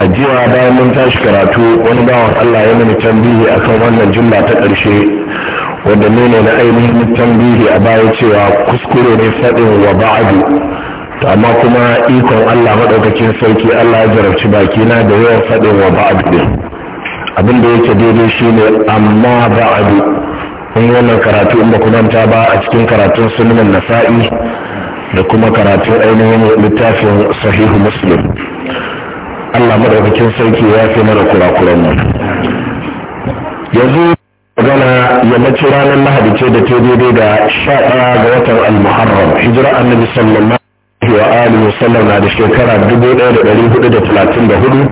a jiya bayan mun tashi karatu wani bawan Allah ya mini tambihi akan wannan jumla ta ƙarshe wanda nuna na ainihin tambihi a baya cewa kuskure ne faɗin wa ba'adu amma kuma ikon Allah maɗaukakin sarki Allah ya jarabci bakina da yawan faɗin wa ba'adu abin da yake daidai shine amma ba'adu in wannan karatu in ba ku manta ba a cikin karatun sunan nasa'i da kuma karatun ainihin littafin sahihu muslim Allah madaukakin sarki ya fi mana kurakuran nan yanzu magana yammaci ranar lahadi ce da ta daidai da sha ɗaya ga watan al-muharram hijira annabi sallallahu alaihi wa alihi wasallam na da shekara dubu ɗaya da ɗari hudu da talatin da hudu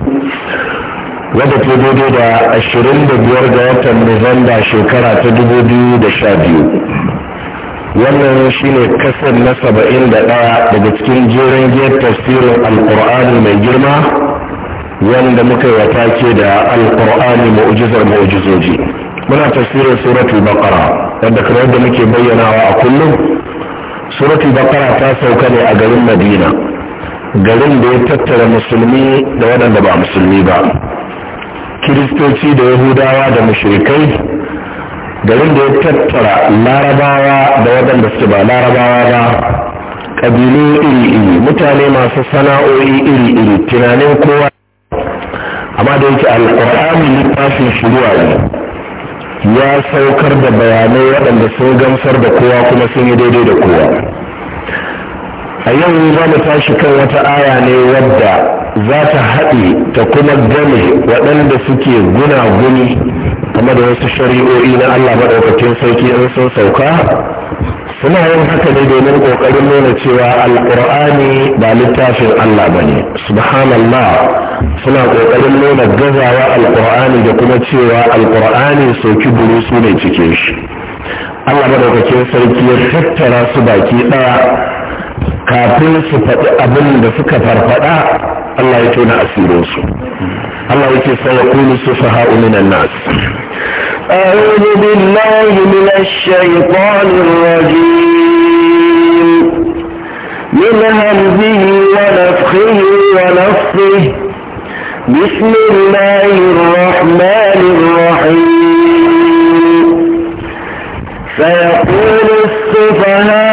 wadda ta daidai da ashirin da biyar ga watan nuzanda shekara ta dubu biyu da sha biyu wannan shi ne kasar na saba'in da ɗaya daga cikin jerin giyar al alƙur'ani mai girma wanda muka yi take da alkur'ani mu'jizar mu'jizoji muna tasirin suratul baqara wanda kamar yadda muke bayyanawa a kullum suratul baqara ta sauka ne a garin madina garin da ya tattara musulmi da waɗanda ba musulmi ba kiristoci da yahudawa da mushrikai garin da ya tattara larabawa da waɗanda suke ba larabawa ba ƙabilu iri-iri mutane masu sana'o'i iri-iri tunanin kowa amma da yake alƙur'ani littafin shiruwa ne ya saukar da bayanai waɗanda sun gamsar da kowa kuma sun yi daidai da kowa a yau za mu tashi kan wata aya ne wadda za ta haɗe ta kuma game waɗanda suke gunaguni game da wasu shari'o'i na allah maɗaukakin sarki in sun sauka suna yin haka ne domin kokarin nuna cewa alkur'ani ba littafin allah ba ne subhanallah suna kokarin nuna gazawa alkur'ani da kuma cewa alkur'ani soki buru su ne cike shi allah madaukakin sarki ya tattara su baki ɗaya kafin su faɗi abin da suka farfaɗa allah ya tona asirinsu allah yake sai ya kulu su faha'u ha'uminan nasu. أعوذ بالله من الشيطان الرجيم من همزه ونفخه ونفخه بسم الله الرحمن الرحيم فيقول السفهاء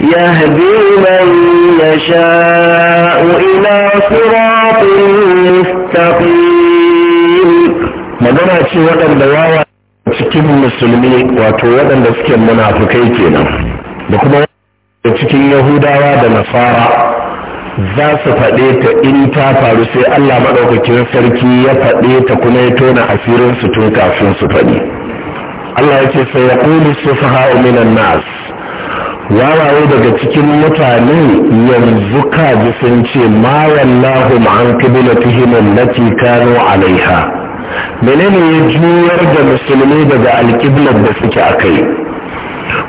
يهدي من يشاء إلى صراط مستقيم magana ce waɗanda cikin musulmi wato waɗanda suke munafukai kenan da kuma cikin yahudawa da nasara za su faɗe ta in ta faru sai Allah maɗaukakin sarki ya faɗe ta kuma ya tona asirin su tun kafin su faɗi Allah ya ce sai ya ƙuli su faha minan nas wawaye daga cikin mutane yanzu kaji sun ce ma wallahu an qiblatihim allati kano alaiha menene ya juyar da musulmi daga alƙiblar da suke a kai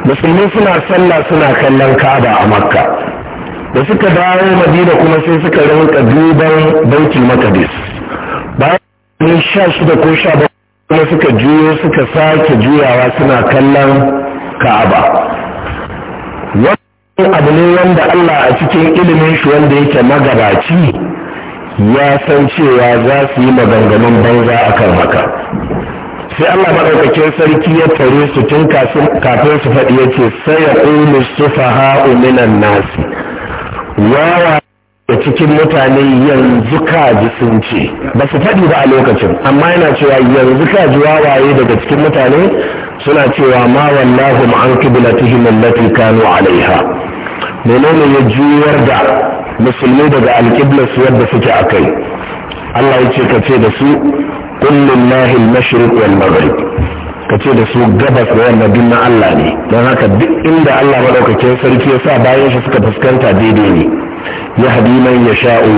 musulmi suna sallah suna kallon ka'aba a makka da suka dawo madina kuma sai suka rinka duban baitul maqdis bayan sha shida ko sha bakwai kuma suka juyo suka sake juyawa suna kallon ka'aba abu ne wanda Allah a cikin ilimin shi wanda yake magabaci ya san cewa za su yi maganganun banza akan haka sai Allah maɗaukakin sarki ya tare su tun kafin su faɗi ya ce sai ya ƙulu sufaha minan nasi wawa da cikin mutane yanzu kaji sun ce ba su faɗi ba a lokacin amma yana cewa yanzu kaji wawaye daga cikin mutane suna cewa ma wallahu an qiblatihim allati kanu alaiha menene ya juyar da musulmi daga alqibla su yadda suke akai Allah ya ce kace da su kullun lahi al-mashriq wal maghrib kace da su gabas da yamma na Allah ne don haka duk inda Allah madaukakin sarki ya sa bayan shi suka fuskanta daidai ne ya hadi man yasha'u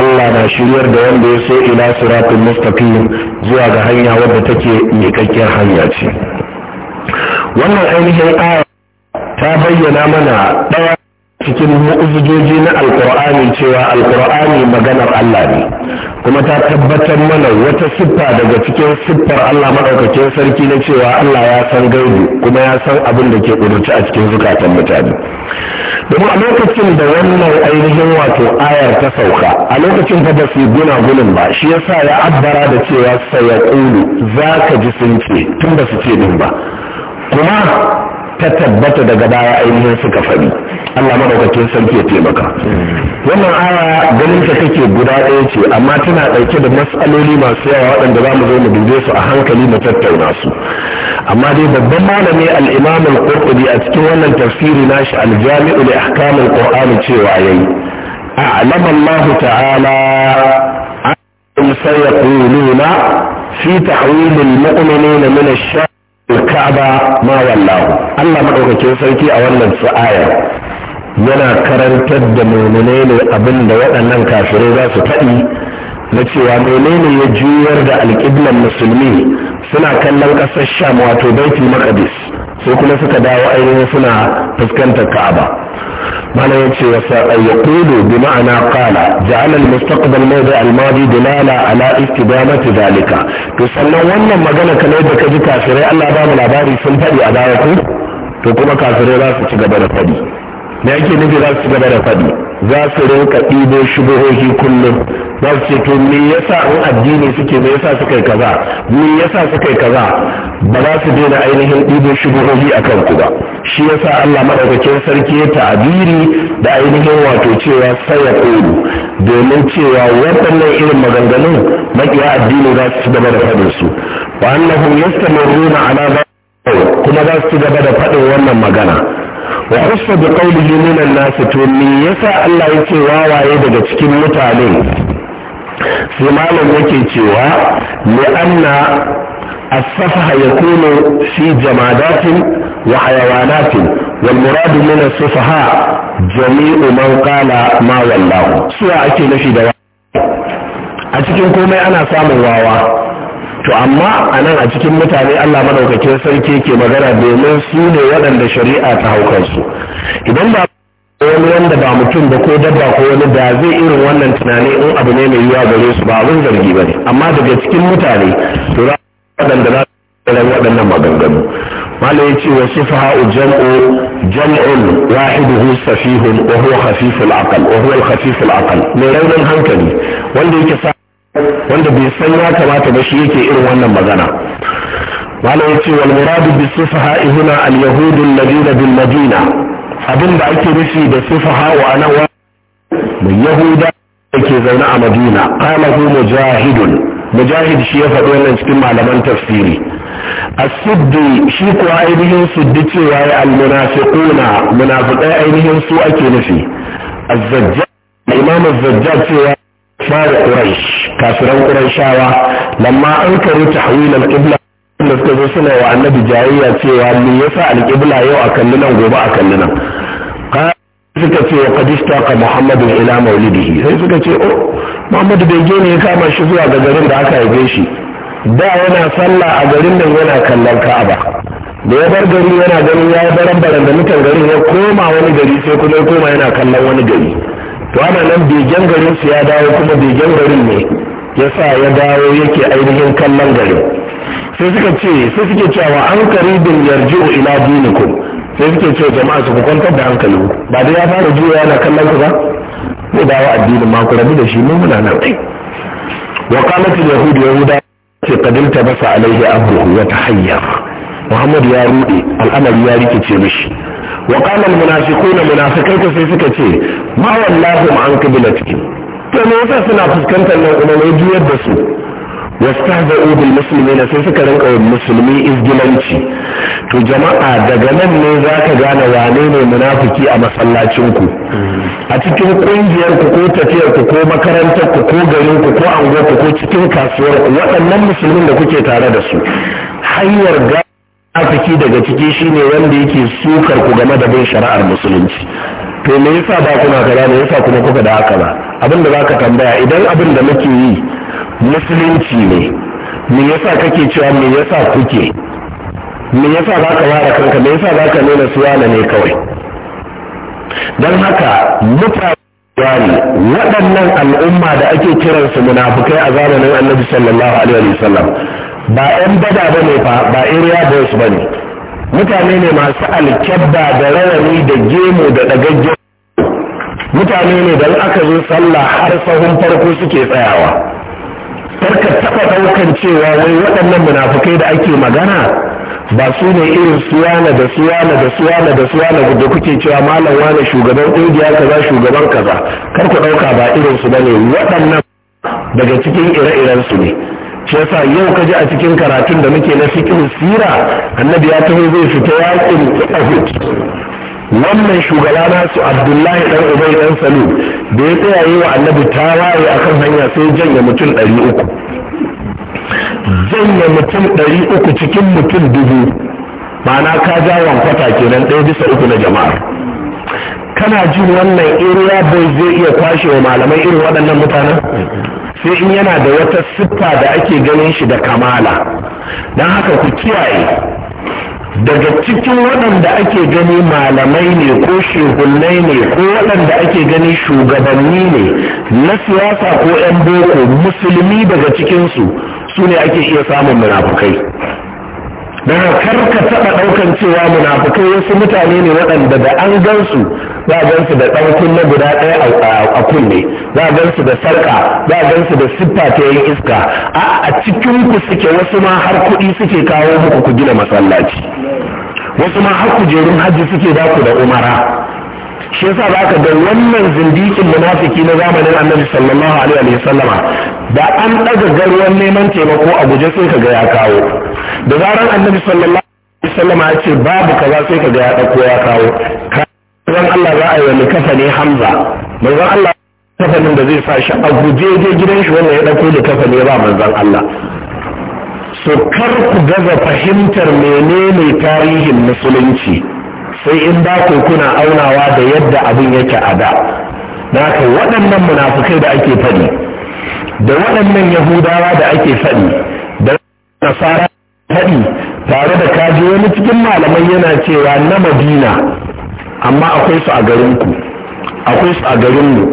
Allah na shiryar da wanda ya so ila siratul mustaqim zuwa ga hanya wadda take miƙaƙƙiyar hanya ce wannan ainihin aya ta bayyana mana ɗaya cikin mu'ujizoji na alkur'ani cewa alkur'ani maganar Allah ne kuma ta tabbatar mana wata siffa daga cikin siffar Allah maɗaukakin sarki na cewa Allah ya san gaibu kuma ya san abin da ke ƙuduci a cikin zukatan mutane domin a lokacin da wannan ainihin wato ayar ta sauka a lokacin ta ba su guna gunin ba shi yasa ya abbara da cewa za ka ji sun ce tun ba su ce din ba kuma ta tabbata daga baya ainihin suka faɗi Allah madaukakin sarki ya taimaka wannan aya ganin ta take guda ɗaya ce amma tana ɗauke da matsaloli masu yawa waɗanda za mu zo mu dube su a hankali mu tattauna su amma dai babban malami al-Imam al-Qurtubi a cikin wannan tafsiri nashi al-Jami'u li ahkam al-Qur'an cewa yayi a'lama Allah ta'ala annahum sayaquluna fi ta'wil al-mu'minina min ash ka'aba ma wallahu Allah madaukakin sarki a wannan ayar yana karantar da muminai ne abin da waɗannan kafirai za su faɗi na cewa menene ya juyar da alƙiblan musulmi suna kallon ƙasar sham wato baiti maƙadis, sai kuma suka dawo ainihin suna fuskantar ka'aba mana ya ce wasa ayyakulu bi ma'ana qala ja'ala mustaqbal mawdi' da madi dilala ala istidamati zalika to sannan wannan magana kamar da ji kafirai Allah ba mu labari sun faɗi a baya ku to kuma kafirai za su ci gaba da faɗi me yake nufi za su ci gaba da faɗi za su rinka ɗibo shubuhohi kullum za su ce to me yasa in addini suke me yasa suka yi kaza me yasa suka yi kaza ba za su daina ainihin ɗibo shubuhohi a kanku ba shi yasa Allah madaukakin sarki ya ta'abiri da ainihin wato cewa saya ƙoru domin cewa waɗannan irin maganganun maƙiya addini za su ci gaba da faɗin su wa annahum yastamiruna ala kuma za su ci gaba da faɗin wannan magana wa hussa bi qawlihi min an-nas to me yasa Allah yake wawaye daga cikin mutane sai malam yake cewa li anna as-safha yakunu fi jamadatin wa hayawanatin wal murad min as-safha jami'u man qala ma wallahu suwa ake nafi da a cikin komai ana samun wawa to amma a nan a cikin mutane Allah madaukakin sarki ke magana domin su ne waɗanda shari'a ta haukansu idan ba wani wanda ba mutum ba ko dabba ko wani da zai irin wannan tunani in abu ne mai yiwa gare su ba abin zargi ba ne amma daga cikin mutane to za waɗanda za su waɗannan maganganu malai ce wa sufaha jam'u jam'un wahiduhu safihun wa huwa khafiful aqal wa huwa al-khafiful aqal mai raunin hankali wanda yake sa wanda bai san ya kamata ba shi yake irin wannan magana malam yace wal muradu bi sufaha huna al yahud alladina bil madina abin da ake nufi da sufaha wa ana wa yahuda da zaune a madina qala hu mujahidun mujahid shi ya faɗi wannan cikin malaman tafsiri as-siddi shi ko ainihin siddi cewa ya al-munafiquna munafiqai ainihin su ake nufi az-zajjaj imam az-zajjaj cewa ma da quraish kafiran qurayshawa lamma an karu tahwil al-qibla da suka zo suna wa annabi jayayya cewa ne yasa al-qibla yau a kalli nan gobe a kalli nan suka ce wa qadista ka muhammadu ila maulidihi sai suka ce oh muhammadu bai ne ya kama shi zuwa ga garin da aka haife shi da yana sallah a garin nan yana kallon ka'aba da ya bar gari yana ganin ya yi baran baran da mutan garin ya koma wani gari sai kuma ya koma yana kallon wani gari to ana nan begen garin ya dawo kuma begen garin ne ya sa ya dawo yake ainihin kallon garin sai suka ce sai suke cewa an karibin yarji'u ila dinikum sai suke cewa jama'a su ku kwantar da hankali ba dai ya fara juya yana kallon ku ba zai dawo addinin ma ku rabu da shi mun muna nan ai wa qalat al yahud yahuda ce qadim tabasa alaihi abuhu wa tahayyar muhammad ya rude al'amari ya rikice mishi wa qala al munafiquna munafiqai ta sai suka ce ma wallahu an qiblati to me suna fuskantar nan umma juyar da su wastahza'u musulmi muslimin sai suka rinka musulmi izgilanci to jama'a daga nan ne zaka gane wane ne munafiki a masallacin ku a cikin ƙungiyarku ku ko tafiyar ku ko makarantar ko garin ko anguwar ku ko cikin kasuwar ku waɗannan musulmin da kuke tare da su hanyar fasiki daga ciki shine wanda yake sukar ku game da bin shari'ar musulunci to me yasa ba kuna kaza me yasa kuma kuka da haka ba abin da zaka tambaya idan abin da muke yi musulunci ne me yasa kake cewa me yasa kuke me yasa zaka ware kanka me yasa zaka nuna suwana ne kawai don haka mutane waɗannan al'umma da ake kiransu munafukai a zamanin annabi sallallahu alaihi wasallam ba 'yan bada ba ne fa ba area boys ba ne mutane ne masu alkyabba da rawani da gemu da ɗagaggen mutane ne don aka zo sallah har sahun farko suke tsayawa karka taɓa ɗaukan cewa wai waɗannan munafukai da ake magana ba su ne irin suwana da suwana da suwana da suwana da kuke cewa malam wane shugaban ƙungiya kaza shugaban kaza kar ku ɗauka ba irin su ne, waɗannan daga cikin ire-iren su ne shi yasa yau ka ji a cikin karatun da muke na cikin sira annabi ya taho zai fita yakin uhud wannan shugaba su abdullahi Ɗan ubay dan salu da ya tsaya yi wa annabi tawaye akan hanya sai janya mutum ɗari uku janye mutum ɗari uku cikin mutum dubu ma'ana ka ja wankwata kenan ɗaya bisa uku na jama'a kana jin wannan iriya bai zai iya kwashewa wa malamai irin waɗannan mutanen sai in yana da wata siffa da ake ganin shi da kamala don haka ku kiyaye daga cikin waɗanda ake gani malamai ne ko shehunai ne ko waɗanda ake gani shugabanni ne na siyasa ko 'yan boko musulmi daga cikinsu su ne ake iya samun munafukai daga karka taɓa ɗaukan cewa munafukai wasu mutane ne waɗanda da an gansu za a gansu da ɗan na guda ɗaya a kunne za a gansu da sarƙa za a gansu da siffa ta yin iska a a cikin ku suke wasu ma har kuɗi suke kawo muku ku gina masallaci wasu ma har kujerun hajji suke daku da umara shi yasa ba ka da wannan zindikin munafiki na zamanin annabi sallallahu alaihi wa sallama da an ɗaga garwan neman taimako a guje sai ka ga ya kawo da zaran annabi sallallahu alaihi wa sallama ya ce babu kaza sai ka ga ya ɗauko ya kawo kan Allah za a yi wani kafa ne Hamza manzon Allah kafanin da zai sa shi a guje je gidan shi wannan ya ɗauko da kafa ne ba manzon Allah so kar ku gaza fahimtar menene tarihin musulunci sai in ba ku kuna aunawa da yadda abin yake a da na haka waɗannan munafukai da ake faɗi da waɗannan yahudawa da ake faɗi da nasara faɗi tare da kaji wani cikin malamai yana cewa na madina amma akwai su a garinku akwai su a garinmu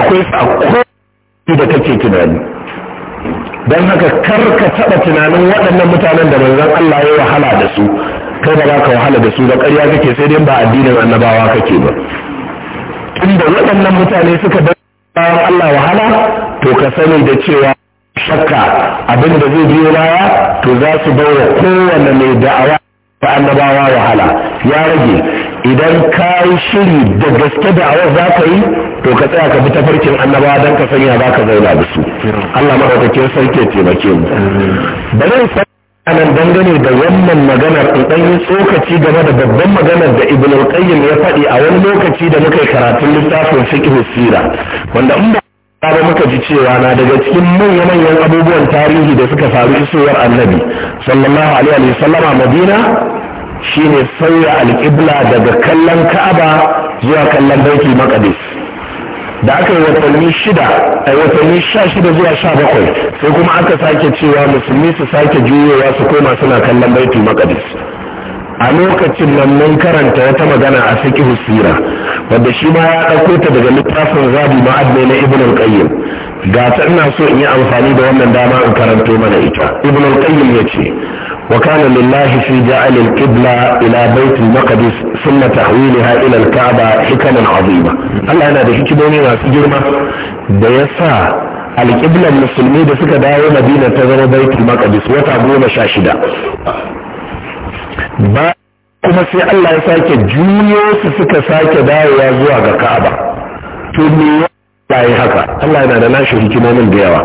akwai su a kowace da kake tunani don haka kar ka taɓa tunanin waɗannan mutanen da manzon Allah ya wahala da su kai ba za ka wahala da su ba ƙarya kake sai dai ba addinin annabawa kake ba inda waɗannan mutane suka bar bayan Allah wahala to ka sani da cewa shakka abin da zai biyo baya to za su bawa kowane mai da'awa ta annabawa wahala ya rage idan ka yi shiri da gaske da'awar za ka yi to ka tsaya ka bi tafarkin annabawa don ka sanya za ka zauna da su Allah maɗaukakin sarki ya taimake mu bari anan dangane da wannan maganar in ɗan yi tsokaci game da babban maganar da ibn al-qayyim ya faɗi a wani lokaci da muka yi karatun littafin fiqh sira wanda in ba muka ji cewa na daga cikin manya manyan abubuwan tarihi da suka faru isowar annabi sallallahu alaihi wa sallama madina shine sauya al-qibla daga kallon ka'aba zuwa kallon baitul maqdis da aka yi watanni shida a watanni sha shida zuwa sha bakwai sai kuma aka sake cewa musulmi su sake juyowa su koma suna kallon baitul maqdis a lokacin nan mun karanta wata magana a fiqh sira wanda shi ma ya ɗauko ta daga littafin zabi ma'adne na ibn al-qayyim ga ta ina so in yi amfani da wannan dama in karanto mana ita ibn al-qayyim ce, wa kana lillahi fi ja'al al-qibla ila bayt al-maqdis thumma tahwilha ila al-ka'ba hikaman 'azima Allah yana da hikimomi masu girma da yasa alƙiblar musulmi da suka dawo madina ta zama baitul maqdis wata goma sha shida ba kuma sai Allah ya sake juyo su suka sake dawowa zuwa ga Ka'aba to me ya yi haka Allah yana da nashi hikimomin da yawa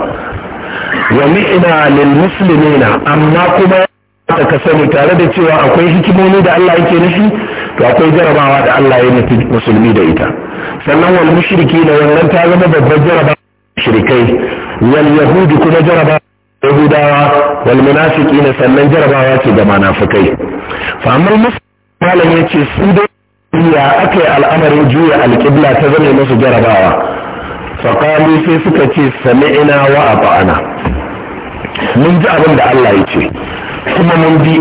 wa ni'na lil muslimina amma kuma da ka sani tare da cewa akwai hikimomi da Allah yake nufi to akwai jarabawa da Allah ya nufi musulmi da ita sannan wal mushriki wannan ta zama babbar jarabawa shirikai wal yahudi kuma jarabawa yahudawa wal ne sannan jarabawa ce ga munafikai fa amma malam yace su da ya akai al'amarin juya alqibla ta zame musu jarabawa fa qalu sai suka ce sami'na wa ata'ana mun ji abin da Allah ya ce kuma mun bi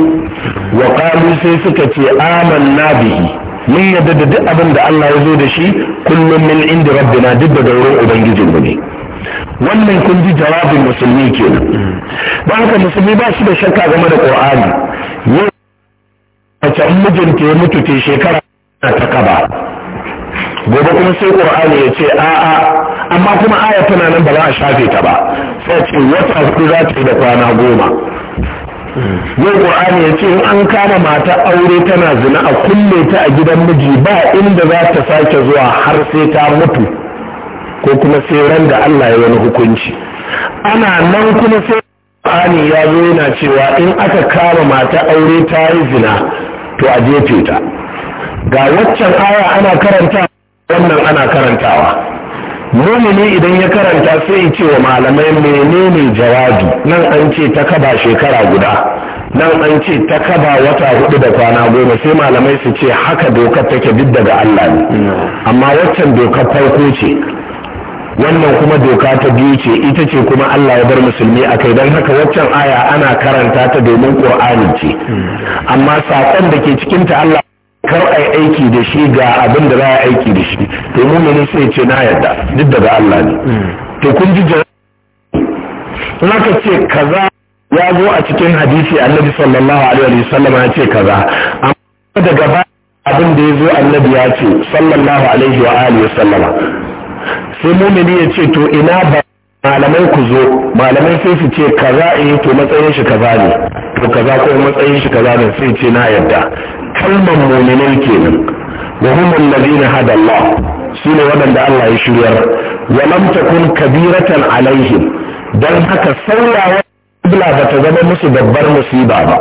wa qalu sai suka ce amanna bihi mun yadda da duk abin da Allah ya zo da shi kullum min inda rabbina duk da wurin ubangijinmu ne wannan kun ji jawabin musulmi kenan don haka musulmi ba su da shakka game da qur'ani yau mace mijinta ya mutu ke shekara ta kaba gobe kuma sai qur'ani ya ce a'a amma kuma aya tana nan ba za a shafe ta ba sai ce wata hudu za ta yi da kwana goma yau qur'ani ya ce in an kama mata aure tana zina a kulle ta a gidan miji ba inda za ta sake zuwa har sai ta mutu ko kuma sai da Allah ya wani hukunci ana nan kuma sai ya zo yana cewa in aka kama mata aure ta yi zina to a jefe ta ga waccan aya ana karanta wannan ana karantawa mumini idan ya karanta sai ya ce wa malamai menene jawabi nan an ce ta kaba shekara guda nan an ce ta kaba wata hudu da kwana goma sai malamai su ce haka dokar take duk daga Allah ne mm. amma waccan dokar farko ce wannan kuma doka ta biyu ce ita ce kuma Allah ya bar musulmi a kai don haka waccan aya ana karanta ta domin ƙur'ani ce amma saƙon da ke cikinta Allah kar a aiki da shi ga abin da za a aiki da shi to mumini sai ce na yarda duk daga Allah ne to kun ji in aka ce kaza ya zo a cikin hadisi annabi sallallahu alaihi sallam ya ce kaza amma daga abin da ya zo annabi ya ce sallallahu alaihi wa alihi sallama sai mumini ya ce to ina ba malamai ku zo malamai sai su ce kaza eh to matsayin shi kaza ne to kaza ko matsayin shi kaza ne sai ce na yarda kalmar muminai kenan wa hum alladhina hada Allah sune waɗanda Allah ya shiryar wa lam takun kabiratan alaihim dan haka sauyawa ibla ba ta zama musu babbar musiba ba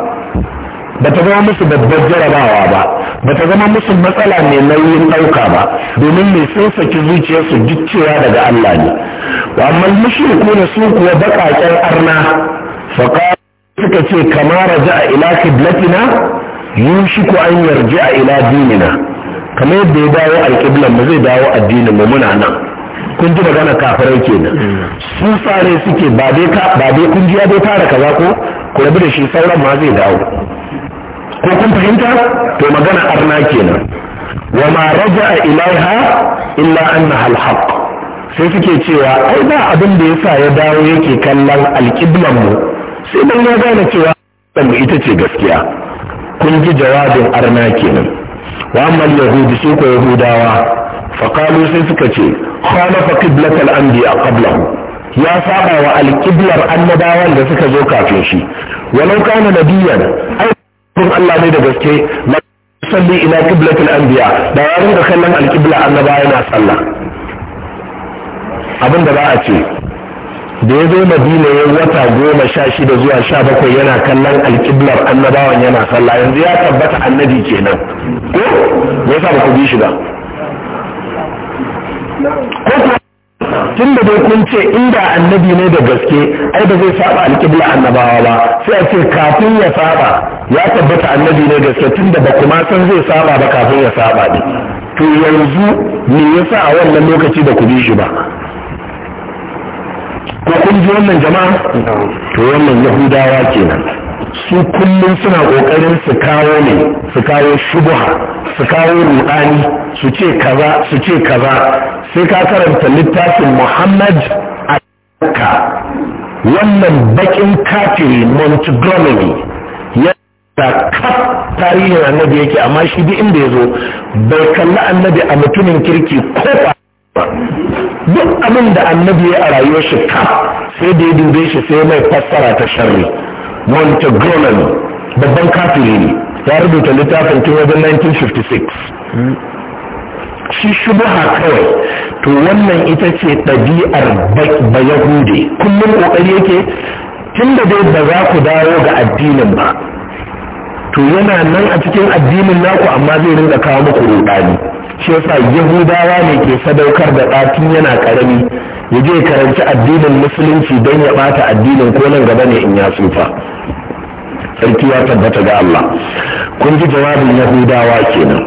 ba ta zama musu babbar jarabawa ba ba ta zama musu matsala mai nauyin ɗauka ba domin mai sun saki zuciyarsu duk cewa daga Allah ne wa amma mushriku ne su kuwa baƙaƙen arna faqa suka ce kama raja ila qiblatina yushiku an yarji'a ila dinina kamar yadda ya dawo alƙiblan mu zai dawo addinin mu muna nan kun ji magana kafirai kenan su sare suke ba dai kungiya dai fara kaza ko ku rabu da shi sauran ma zai dawo ko kun fahimta to magana arna kenan wa ma raja'a ilaiha illa annaha alhaq sai suke cewa ai ba abin da yasa ya dawo yake kallon alqiblan mu sai dan ya gane cewa mu ita ce gaskiya kun ji jawabin arna kenan wa amma yahudi su ko yahudawa faqalu sai suka ce khalafa qiblat al-anbiya qablahu ya saba wa alƙiblar annabawan da suka zo kafin shi walau kana nabiyan ai din Allah ne da gaske salli ila qiblatil anbiya da ya rinka kallon alqibla annaba yana sallah abin da za a ce da ya zo madina ya wata goma sha shida zuwa sha bakwai yana kallon alkiblar annabawan yana sallah yanzu ya tabbata annabi kenan ko ya sa ba ku bi shi ba ko tun da dai kun ce inda annabi ne da gaske ai ba zai saba alkiblar annabawa ba sai a ce kafin ya saba ya tabbata annabi ne gaske tun da ba kuma san zai saba ba kafin ya saba ne to yanzu me yasa a wannan lokaci da ku bi shi ba ko kun ji wannan jama'a to wannan yahudawa kenan su kullum suna kokarin su kawo ne su kawo shubuha su kawo ruɗani su ce kaza su ce kaza sai ka karanta littafin muhammad a wannan bakin kafiri montgomery da kaf tarihin annabi yake amma shi duk inda ya zo bai kalli annabi a mutumin kirki ko ba duk abin da annabi ya a rayuwar shi kaf sai da ya dube shi sai mai fassara ta sharri montegromani babban kafiri ne ya rubuta littafin tun wajen 1956 shi shubuha kawai to wannan ita ce ɗabi'ar bayahude kullum ƙoƙari yake tun da dai ba za ku dawo ga addinin ba to yana nan a cikin addinin naku amma zai rinka kawo muku rudani shi yasa yahudawa ne ke sadaukar da ɗatin yana karami ya je karanci addinin musulunci don ya bata addinin ko nan gaba ne in ya tsufa sarki ya tabbata ga Allah kun ji jawabin yahudawa kenan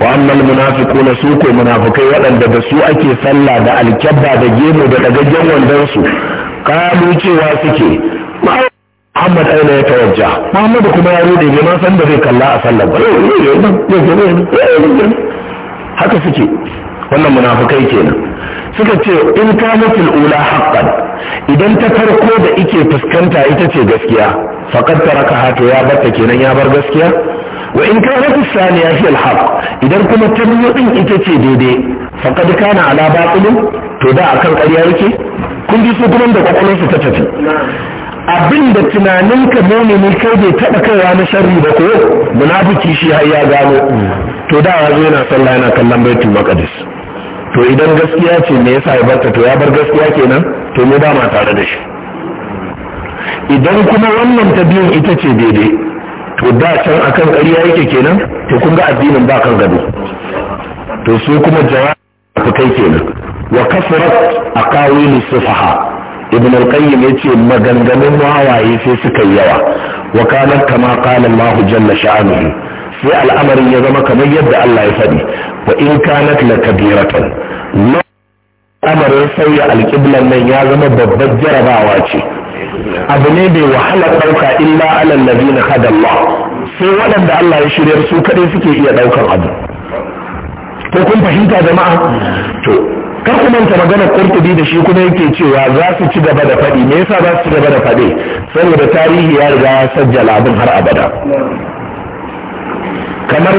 wa annal munafiquna su ko munafikai waɗanda da su ake sallah da alkyabba da gemu da dagaggen wandon su kalu cewa suke Ahmad aina ya tawajja Muhammadu kuma ya rode ne ma san da zai kalla a sallar ba haka suke wannan munafukai kenan suka ce in kanatil ula haqqan idan ta farko da ike fuskanta ita ce gaskiya faqad tarakaha to ya batta kenan ya bar gaskiya wa in kanat as-saniya hiya al idan kuma ta biyu din ita ce daidai faqad kana ala batil to da akan ƙarya yake kun ji su gurin da kwakwalwarsu ta tafi abinda tunaninka mumini kai bai taɓa kaiwa na sharri ba ko munafiki shi har ya gano to da wazo yana sallah yana kallon baitul maqdis to idan gaskiya ce me yasa ya barta to ya bar gaskiya kenan to mu ba ma tare da shi idan kuma wannan ta biyun ita ce daidai to da can akan ƙarya yake kenan to kun ga addinin ba kan gado to su kuma jawabi kai kenan wa kasrat aqawil sufaha ibn al-qayyim yace maganganun wawaye sai suka yi yawa wa kana kama qala Allah jalla sha'anuhu sai al'amarin ya zama kamar yadda Allah ya faɗi wa in kanat lakabiratan al'amarin sauya alƙiblan nan ya zama babbar jarabawa ce abu ne bai wahala ɗauka illa alal ladina hadallah sai waɗanda Allah ya shiryar su kaɗai suke iya ɗaukar abu ko kun fahimta jama'a to kar ku manta maganar kurtubi da shi kuma yake cewa za su ci gaba da faɗi me yasa za su ci gaba da faɗi saboda tarihi ya riga ya sajjala abin har abada kamar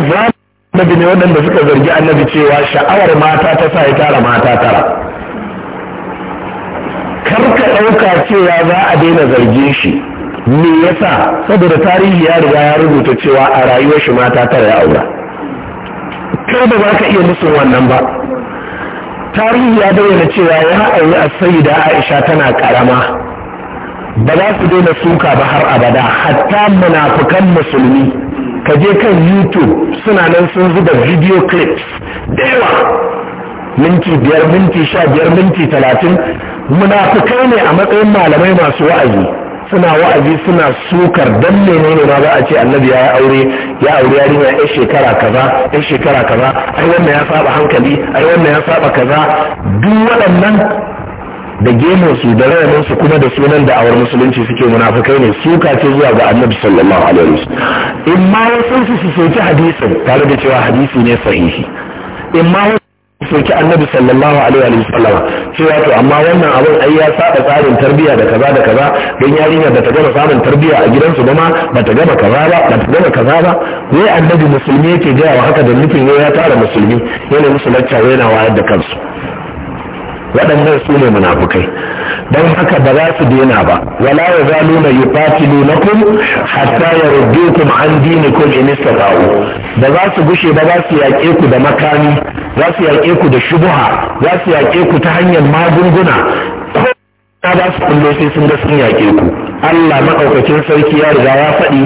annabi ne waɗanda suka zargi annabi cewa sha'awar mata ta sa ya tara mata tara kar ka ɗauka cewa za a daina zargin shi me yasa saboda tarihi ya riga ya rubuta cewa a rayuwar shi mata tara ya aura kar ba za ka iya musu wannan ba tarihi ya bayyana cewa ya auri a sayida aisha tana karama ba za su daina suka ba har abada hatta munafukan musulmi ka je kan youtube suna nan sun zuba video clips da yawa minti biyar minti sha biyar minti talatin munafukai ne a matsayin malamai masu wa'azi suna wa'azi suna sukar dan menene ma za a ce annabi ya aure ya aure yarinya ya shekara kaza ya shekara kaza ai wannan ya saba hankali ai wannan ya saba kaza duk waɗannan da gemu su da rayanin su kuma da sunan da awar musulunci suke munafukai ne suka ce zuwa ga annabi sallallahu alaihi wasallam in ma wasu su soki hadisin tare da cewa hadisi ne sahihi in ma soki annabi sallallahu alaihi wa sallam cewa to amma wannan abin ai ya saba tsarin tarbiyya da kaza da kaza don yarinya bata gama samun tarbiyya a gidansu ba ma bata gama kaza ba bata gama kaza ba wai annabi musulmi yake gaya wa haka da nufin ya tara musulmi yana musu yana wayar da kansu waɗannan su ne munafukai don haka ba za su daina ba wala ya zalu na yufatilu lakum hatta yaruddukum an dinikum in istata'u ba za su gushe ba za su yaƙe ku da makami za su yaƙe ku da shubuha za su yaƙe ku ta hanyar magunguna ko na ba su kullo sai sun ga sun yaƙe ku Allah maɗaukakin sarki ya riga ya faɗi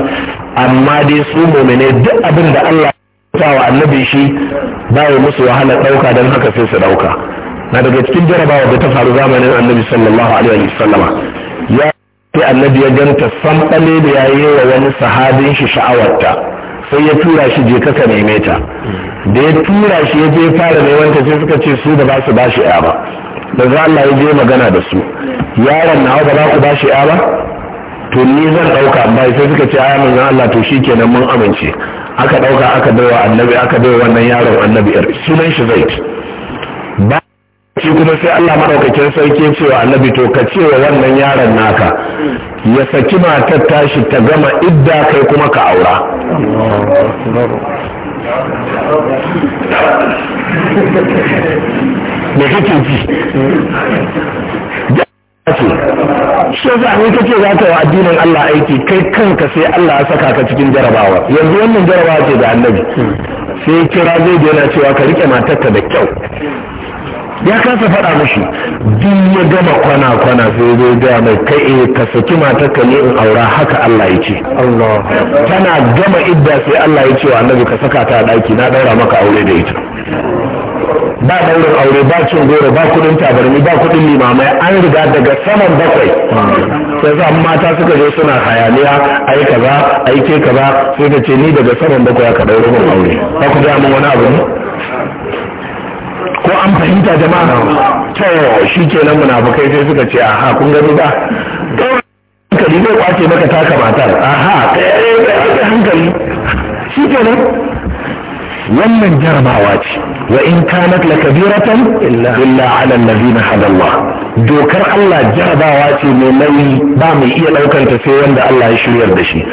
amma dai su mu'mine duk abin da Allah ya wa annabi shi ba musu wahala ɗauka don haka sai su ɗauka na daga cikin jarabawa da ta faru zamanin annabi sallallahu alaihi wa sallama ya ce annabi ya ganta sanɓale da ya yi wa wani sahabin shi sha'awarta sai ya tura shi je kaka neme ta da ya tura shi ya je fara neman ta sai suka ce su da ba su ba shi ya ba da za Allah ya je magana da su yaron na ba za ku ba shi ya ba to ni zan ɗauka ba sai suka ce aya mun Allah to shi kenan mun amince aka ɗauka aka baiwa annabi aka baiwa wannan yaron annabi sunan shi zai. shi kuma sai Allah maɗaukakin sarki cewa annabi to ka ce wa wannan yaron naka ya saki matar tashi ta gama idda kai kuma ka aura da kake ji shi za yi kake za ka yi addinin Allah aiki kai kanka sai Allah ya saka ka cikin jarabawa yanzu wannan jarabawa ce da annabi sai kira zai yana cewa ka rike matarka da kyau ya kasa faɗa mashi duk ya gama kwana kwana sai zai gaya mai kai eh, ka saki mata ka ne in aura haka Allah ya ce tana gama idda sai Allah ya ce wa annabi ka saka ta a ɗaki na ɗaura maka aure da ita ba daurin aure ba cin goro ba kudin tabarmi ba kudin limamai an riga daga saman bakwai sai za mata suka zo suna hayaniya ai kaza ai ke kaza sai ka ce ni daga saman bakwai ka daura mun aure ba ku ga mun wani abu ne ko an fahimta jama'a to shi kenan munafukai sai suka ce aha kun gani ba hankali zai kwace maka taka matar aha hankali shi kenan wannan jarabawa ce wa in kanat la kabiratan illa ala allazina hada dokar Allah jarabawa ce mai ba mai iya daukar ta sai wanda Allah ya shiryar da shi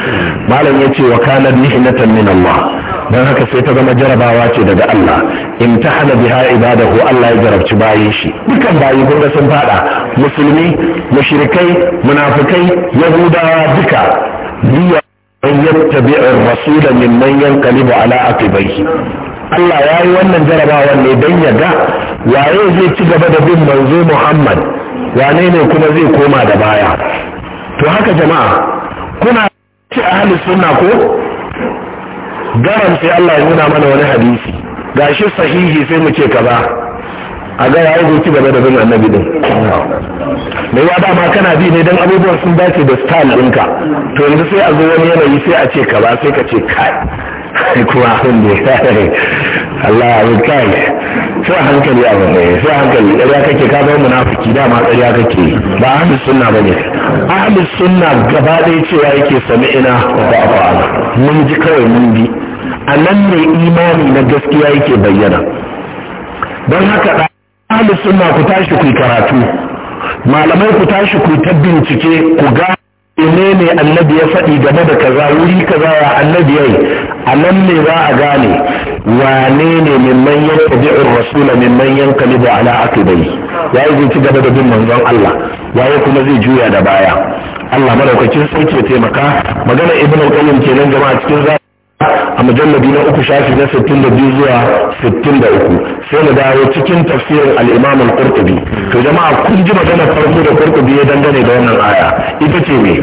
malam yace wa kanat nihnatan min Allah don haka sai ta zama jarabawa ce daga Allah in ta imtahana biha ibadahu Allah ya jarabci bayan shi dukan bayi kun sun fada musulmi mushrikai munafikai yahudawa duka biya an yattabi'ir rasul mimman yanqalibu ala aqibaihi Allah ya yi wannan jarabawan ne don ya ga waye zai ci gaba da bin manzo Muhammad wane ne kuma zai koma da baya to haka jama'a kuna ci ahli sunna ko garan sai Allah ya nuna mana wani hadisi gashi sahihi sai mu ce kaza a ga ya goki gaba da bin annabi din da ya dama kana bi ne dan abubuwan sun dace da style ɗinka to yanzu sai a zo wani yanayi sai a ce kaza sai ka ce kai kuma abin da ya tare Allah abu kai sai hankali abu ne sai hankali ƙarya kake ka zama munafiki dama ƙarya kake ba ahli sunna bane ahli sunna gaba ɗaya cewa yake sami'ina wa afa'ala mun ji kawai mun bi a nan ne imani na gaskiya yake bayyana don haka ahli sunna ku tashi ku karatu malamai ku tashi ku ta bincike ku gane. menene annabi ya faɗi game da kaza wuri kaza ya annabi yayi a nan ne za a gane wane ne mimman yanka bi'ur rasula mimman yanka libu ala aqibai yayi zai ci gaba da bin manzon Allah waye kuma zai juya da baya Allah madaukakin sarki ya taimaka magana ibnu qayyim kenan jama'a cikin a mujalladi na uku shafi na 62 zuwa 63 sai mu dawo cikin tafsirin al-Imam al-Qurtubi to jama'a kun ji magana farko da Qurtubi ya dangane da wannan aya ita ce me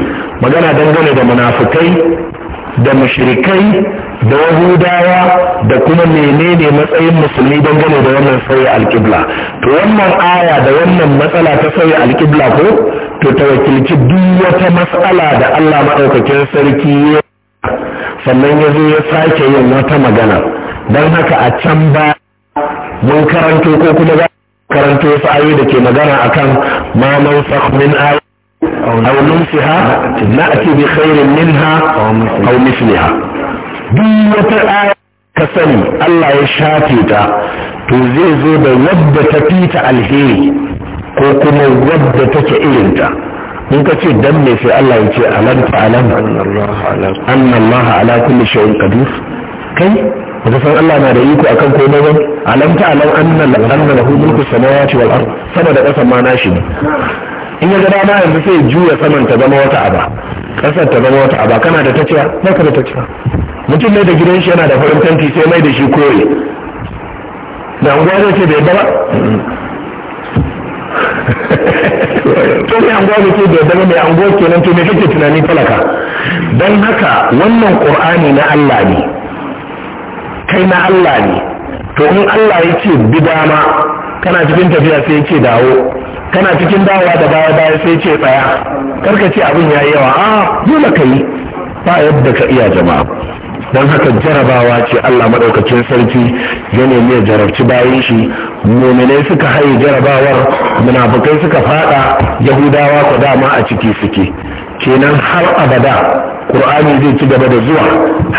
magana dangane da munafikai da mushrikai da wahudawa da kuma menene matsayin musulmi dangane da wannan sauya alkibla to wannan aya da wannan matsala ta sauya alkibla ko to ta wakilci duk wata matsala da Allah maɗaukakin sarki ya sannan ya zo ya sake yin wata magana don haka a can ba mun karanto ko kuma za karanto wasu da ke magana akan ma man min ayi aw nusiha na'ti bi khairin minha aw misliha duk wata ayi ka sani Allah ya shafe ta to zai zo da wadda ta fita alheri ko kuma wadda take irinta in ka ce dan me sai Allah ya ce alam ta alam anna Allah ala kulli shay'in qadir kai ba san Allah na da iko akan komai ba alam ta alam anna anna lahu mulku samawati wal ard sama da kasan ma nashi ne in ya ga dama yanzu sai juya saman ta zama wata aba kasar ta zama wata aba kana da ta ba ka da ta mutum ne da gidan shi yana da farin kanti sai mai da shi koyi da an zai ce bai ba to mai anguwa ke da zama mai anguwa kenan to me kake tunanin talaka don haka wannan qur'ani na Allah ne kai na Allah ne to in Allah ya ce bi dama kana cikin tafiya sai ce dawo kana cikin dawowa da baya baya sai ce tsaya karka ce abin ya yi yawa a dole ka yi ba yadda ka iya jama'a don haka jarabawa ce Allah maɗaukacin sarki ya nemi ya jarabci bayan shi muminai suka haye jarabawar munafukai suka fada yahudawa ku dama a ciki suke kenan har abada qur'ani zai ci gaba da zuwa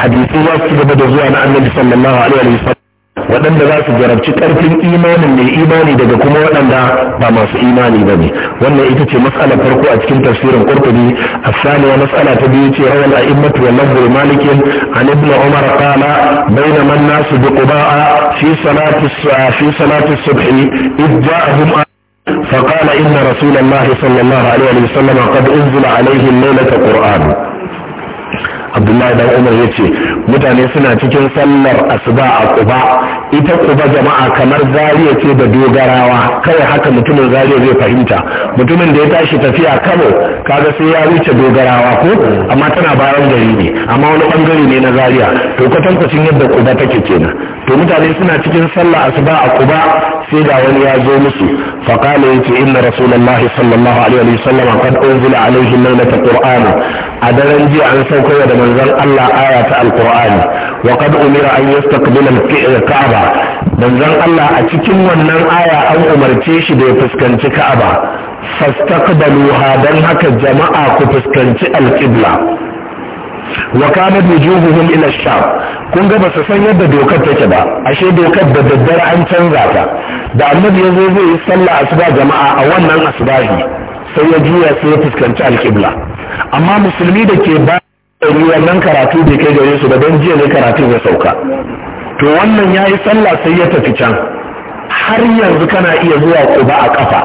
hadisi za su ci gaba da zuwa na annabi sallallahu alaihi wasallam waɗanda za su jarabci ƙarfin imanin mai imani daga kuma waɗanda ba masu imani ba ne wannan ita ce matsalar farko a cikin tafsirin ƙurtubi a saniya matsala ta biyu ce rawar a'immatu wa lahur malikin an ibn umar qala bayna man nasu bi quba'a fi salati fi salati subhi id ja'ahum فقال إن رسول الله صلى الله عليه وسلم قد أنزل عليه abdullahi dan umar ya ce mutane suna cikin sallar asuba a kuba ita kuba jama'a kamar zariya ce da dogarawa kawai haka mutumin zariya zai fahimta mutumin da ya tashi tafiya kawo kaga sai ya wuce dogarawa ko amma tana bayan gari ne amma wani bangare ne na zariya to kwatankwacin yadda kuba take kenan to mutane suna cikin sallar asuba a kuba sai ga wani ya zo musu faqala yace inna rasulullahi sallallahu alaihi wa sallam qad unzila alaihi lailatul qur'ana a daren jiya an saukowa da manzon Allah aya ta alqur'ani wa kad umira an yastaqbila al-ka'aba manzon Allah a cikin wannan aya an umarce shi da ya fuskanci ka'aba fastaqbaluha dan haka jama'a ku fuskanci al wa kanat wujuhuhum ila sham kun ga ba su san yadda dokar take ba ashe dokar da daddare an canza ta da annabi ya zo zai yi sallah asuba jama'a a wannan asubahi sai ya juya sai ya fuskanci alƙibla amma musulmi da ke ba wannan karatu bai kai gare su ba don jiya ne karatu ya sauka to wannan ya yi sallah sai ya tafi can har yanzu kana iya zuwa kuba a ƙafa.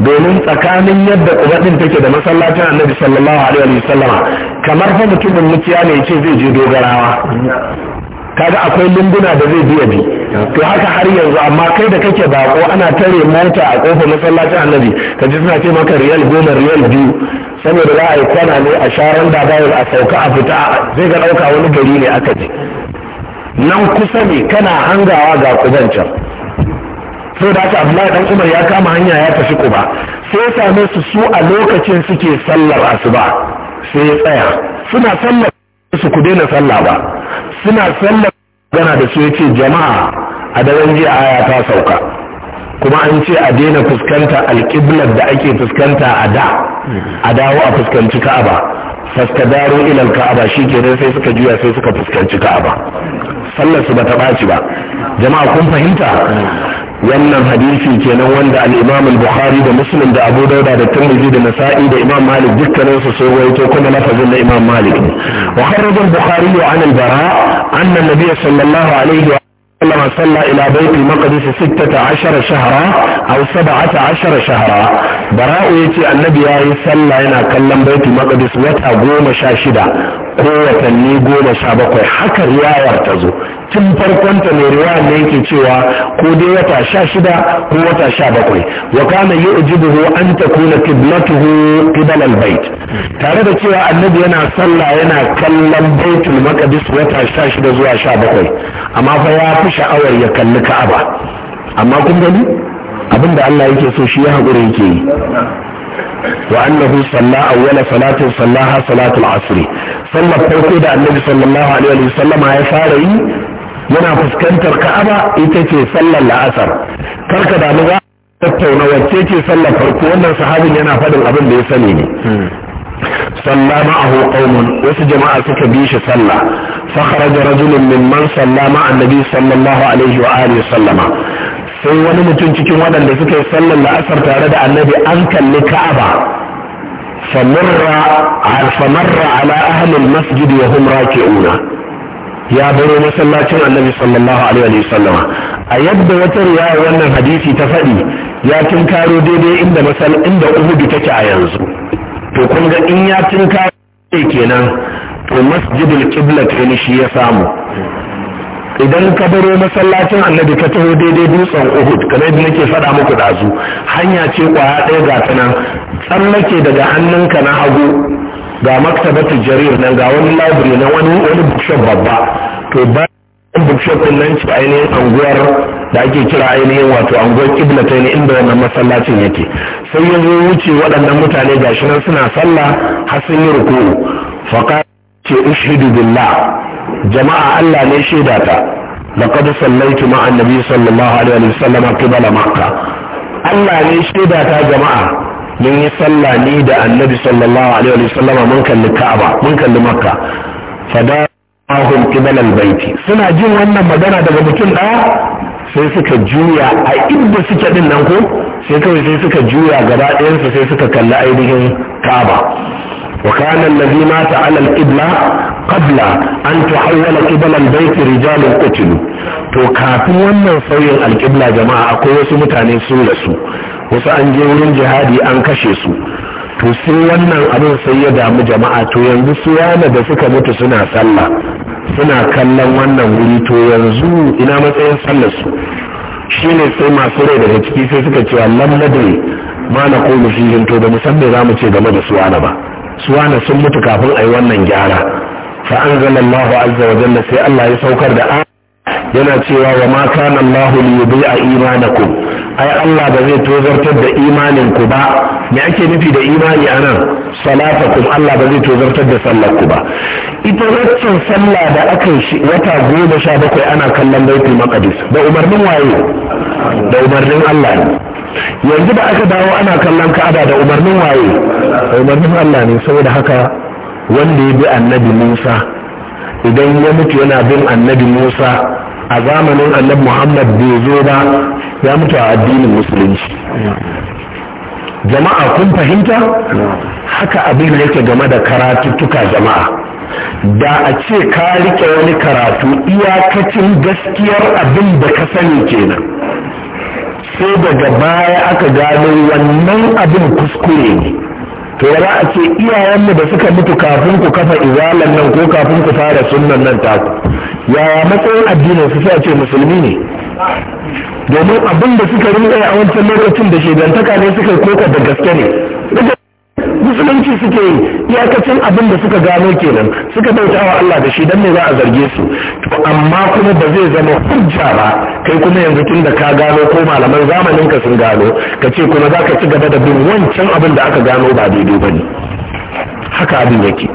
domin tsakanin yadda kubaɗin take da masallacin annabi sallallahu alaihi wa sallama kamar fa mutumin mukiya ne ce zai je dogarawa kaga akwai lunguna da zai biya bi to haka har yanzu amma kai da kake bako ana tare mota a kofa masallacin annabi ka ji suna ce maka riyal goma riyal biyu saboda za a yi kwana ne a sharan da bayan a sauka a fita zai ga ɗauka wani gari ne aka je nan kusa ne kana hangawa ga can. sai da aka abdullahi dan umar ya kama hanya ya tafi kuba sai ya same su su a lokacin suke sallar asuba sai ya tsaya suna sallar su ku daina sallah ba suna sallar gana da su yace jama'a a daren jiya aya ta sauka kuma an ce a daina fuskanta alƙiblar da ake fuskanta a da a dawo a fuskanci ka'aba fastadaru ilal ka'aba shi kenan sai suka juya sai suka fuskanci ka'aba sallar su bata ɓaci ba jama'a kun fahimta wannan hadisi kenan wanda al-imam al-bukhari da muslim da abu dauda da tirmidhi da nasa'i da imam malik dukkanin su sun rawaito kuma lafazin na imam malik ne wa al-bukhari an al-bara anna an-nabiy sallallahu alaihi wa لما صلى إلى بيت المقدس ستة عشر شهرا أو سبعة عشر شهرا براءة النبي صلى هنا كلم بيت المقدس وتا قوم شاشدا ko watanni goma sha bakwai haka riwaya ta zo tun farkon ta mai riwayar ne yake cewa ko dai wata sha shida ko wata sha bakwai wa kana yu'jibuhu an ta kuna kiblatuhu al-bait tare da cewa annabi yana sallah yana kallon baitul maqdis wata sha shida zuwa sha bakwai amma fa ya fi sha'awar ya kalli ka'aba amma kun gani abinda Allah yake so shi ya haƙura yake yi وأنه صلى أول صلاة صلاها صلاة العصر صلى فرقه النبي صلى الله عليه وسلم يا فاري yana fuskantar ka'aba ita صلى العصر la'asar karka da za tattauna صلى ce انا صحابي wannan sahabin yana faɗin صلى معه قوم جماعة كبيش صلى فخرج رجل من من صلى مع النبي صلى الله عليه وآله وسلم sai wani mutum cikin waɗanda suka yi sallar la'asar tare da annabi an kalli ka'aba famarra ala ahlil masjid wa hum raki'una ya baro masallacin annabi sallallahu alaihi wa a yadda wata riwaya wannan hadisi ta faɗi ya tunkaro daidai inda masal inda uhudu take a yanzu to kun ga in ya tunkaro kenan to masjidul qibla ne shi ya samu idan ka baro masallacin annabi ka taho daidai dutsen uhud kamar yadda nake faɗa muku su hanya ce kwaya ɗaya ga ta nan tsallake daga hannunka na hagu ga maktabatu jarir nan ga wani labiri na wani wani bookshop babba to ba bookshop din nan ce ainihin anguwar da ake kira ainihin wato anguwar ƙibla ta ne inda wannan masallacin yake sai ya zo wuce waɗannan mutane gashi nan suna sallah har sun yi rukuru faƙa ce ushidu billah jama'a Allah ne shaida ta laqad sallaitu ma'a annabi sallallahu alaihi wasallam qibla makka Allah ne shaida ta jama'a mun yi sallah ni da annabi sallallahu alaihi wa sallam mun kalli Ka'aba mun kalli Makka fadahum qibla albayti suna jin wannan magana daga mutum da sai suka juya a inda suke din nan ko sai kawai sai suka juya gaba ɗayansu sai suka kalli ainihin Ka'aba wa kana allazi mata ala al قبل an تحول قبل البيت رجال قتلوا to kafin wannan sauyin alƙibla jama'a akwai wasu mutane sun rasu wasu an je wurin jihadi an kashe su to sai wannan abin sai ya damu jama'a to yanzu su yana da suka mutu suna sallah suna kallon wannan wuri to yanzu ina matsayin sallar su shine sai masu rai daga ciki sai suka cewa lammadai ma na kulu fihin to da musamman za mu ce game da suwana ba suwana sun mutu kafin a yi wannan gyara fa anzala Allahu azza wa jalla sai Allah ya saukar da a yana cewa wa ma kana Allahu li yudhi'a imanakum ai Allah ba zai tozartar da imanin ba me ake nufi da imani anan salatakum Allah ba zai tozartar da sallar ku ba ita waccan sallah da aka yi wata goma sha bakwai ana kallon da umarnin waye da umarnin Allah ne yanzu da aka dawo ana kallon ka'aba da umarnin waye umarnin Allah ne saboda haka wanda ya bi annabi musa idan ya mutu yana bin annabi musa a zamanin annabi muhammad bai zo ba ya mutu a addinin musulunci jama'a kun fahimta haka abin da yake game da karatuttuka jama'a da a ce ka rike wani karatu iyakacin gaskiyar abin da ka sani kenan sai daga baya aka gano wannan abin kuskure ne to ba a ce mu da suka mutu kafin ku kafa izalan nan ko kafin ku fara sunnan nan taku yaya matsayin addinin su sai ce musulmi ne domin abin da suka rinka a wancan lokacin da shegantaka ne suka koka da gaske ne musulunci suke yi iyakacin abin da suka gano kenan suka bauta wa Allah da shi dan me za a zarge su to amma kuma ba zai zama hujja ba kai kuma yanzu tun da ka gano ko malaman zamanin ka sun gano ka ce kuma za ka ci gaba da bin wancan abin da aka gano ba daidai ba ne haka abin yake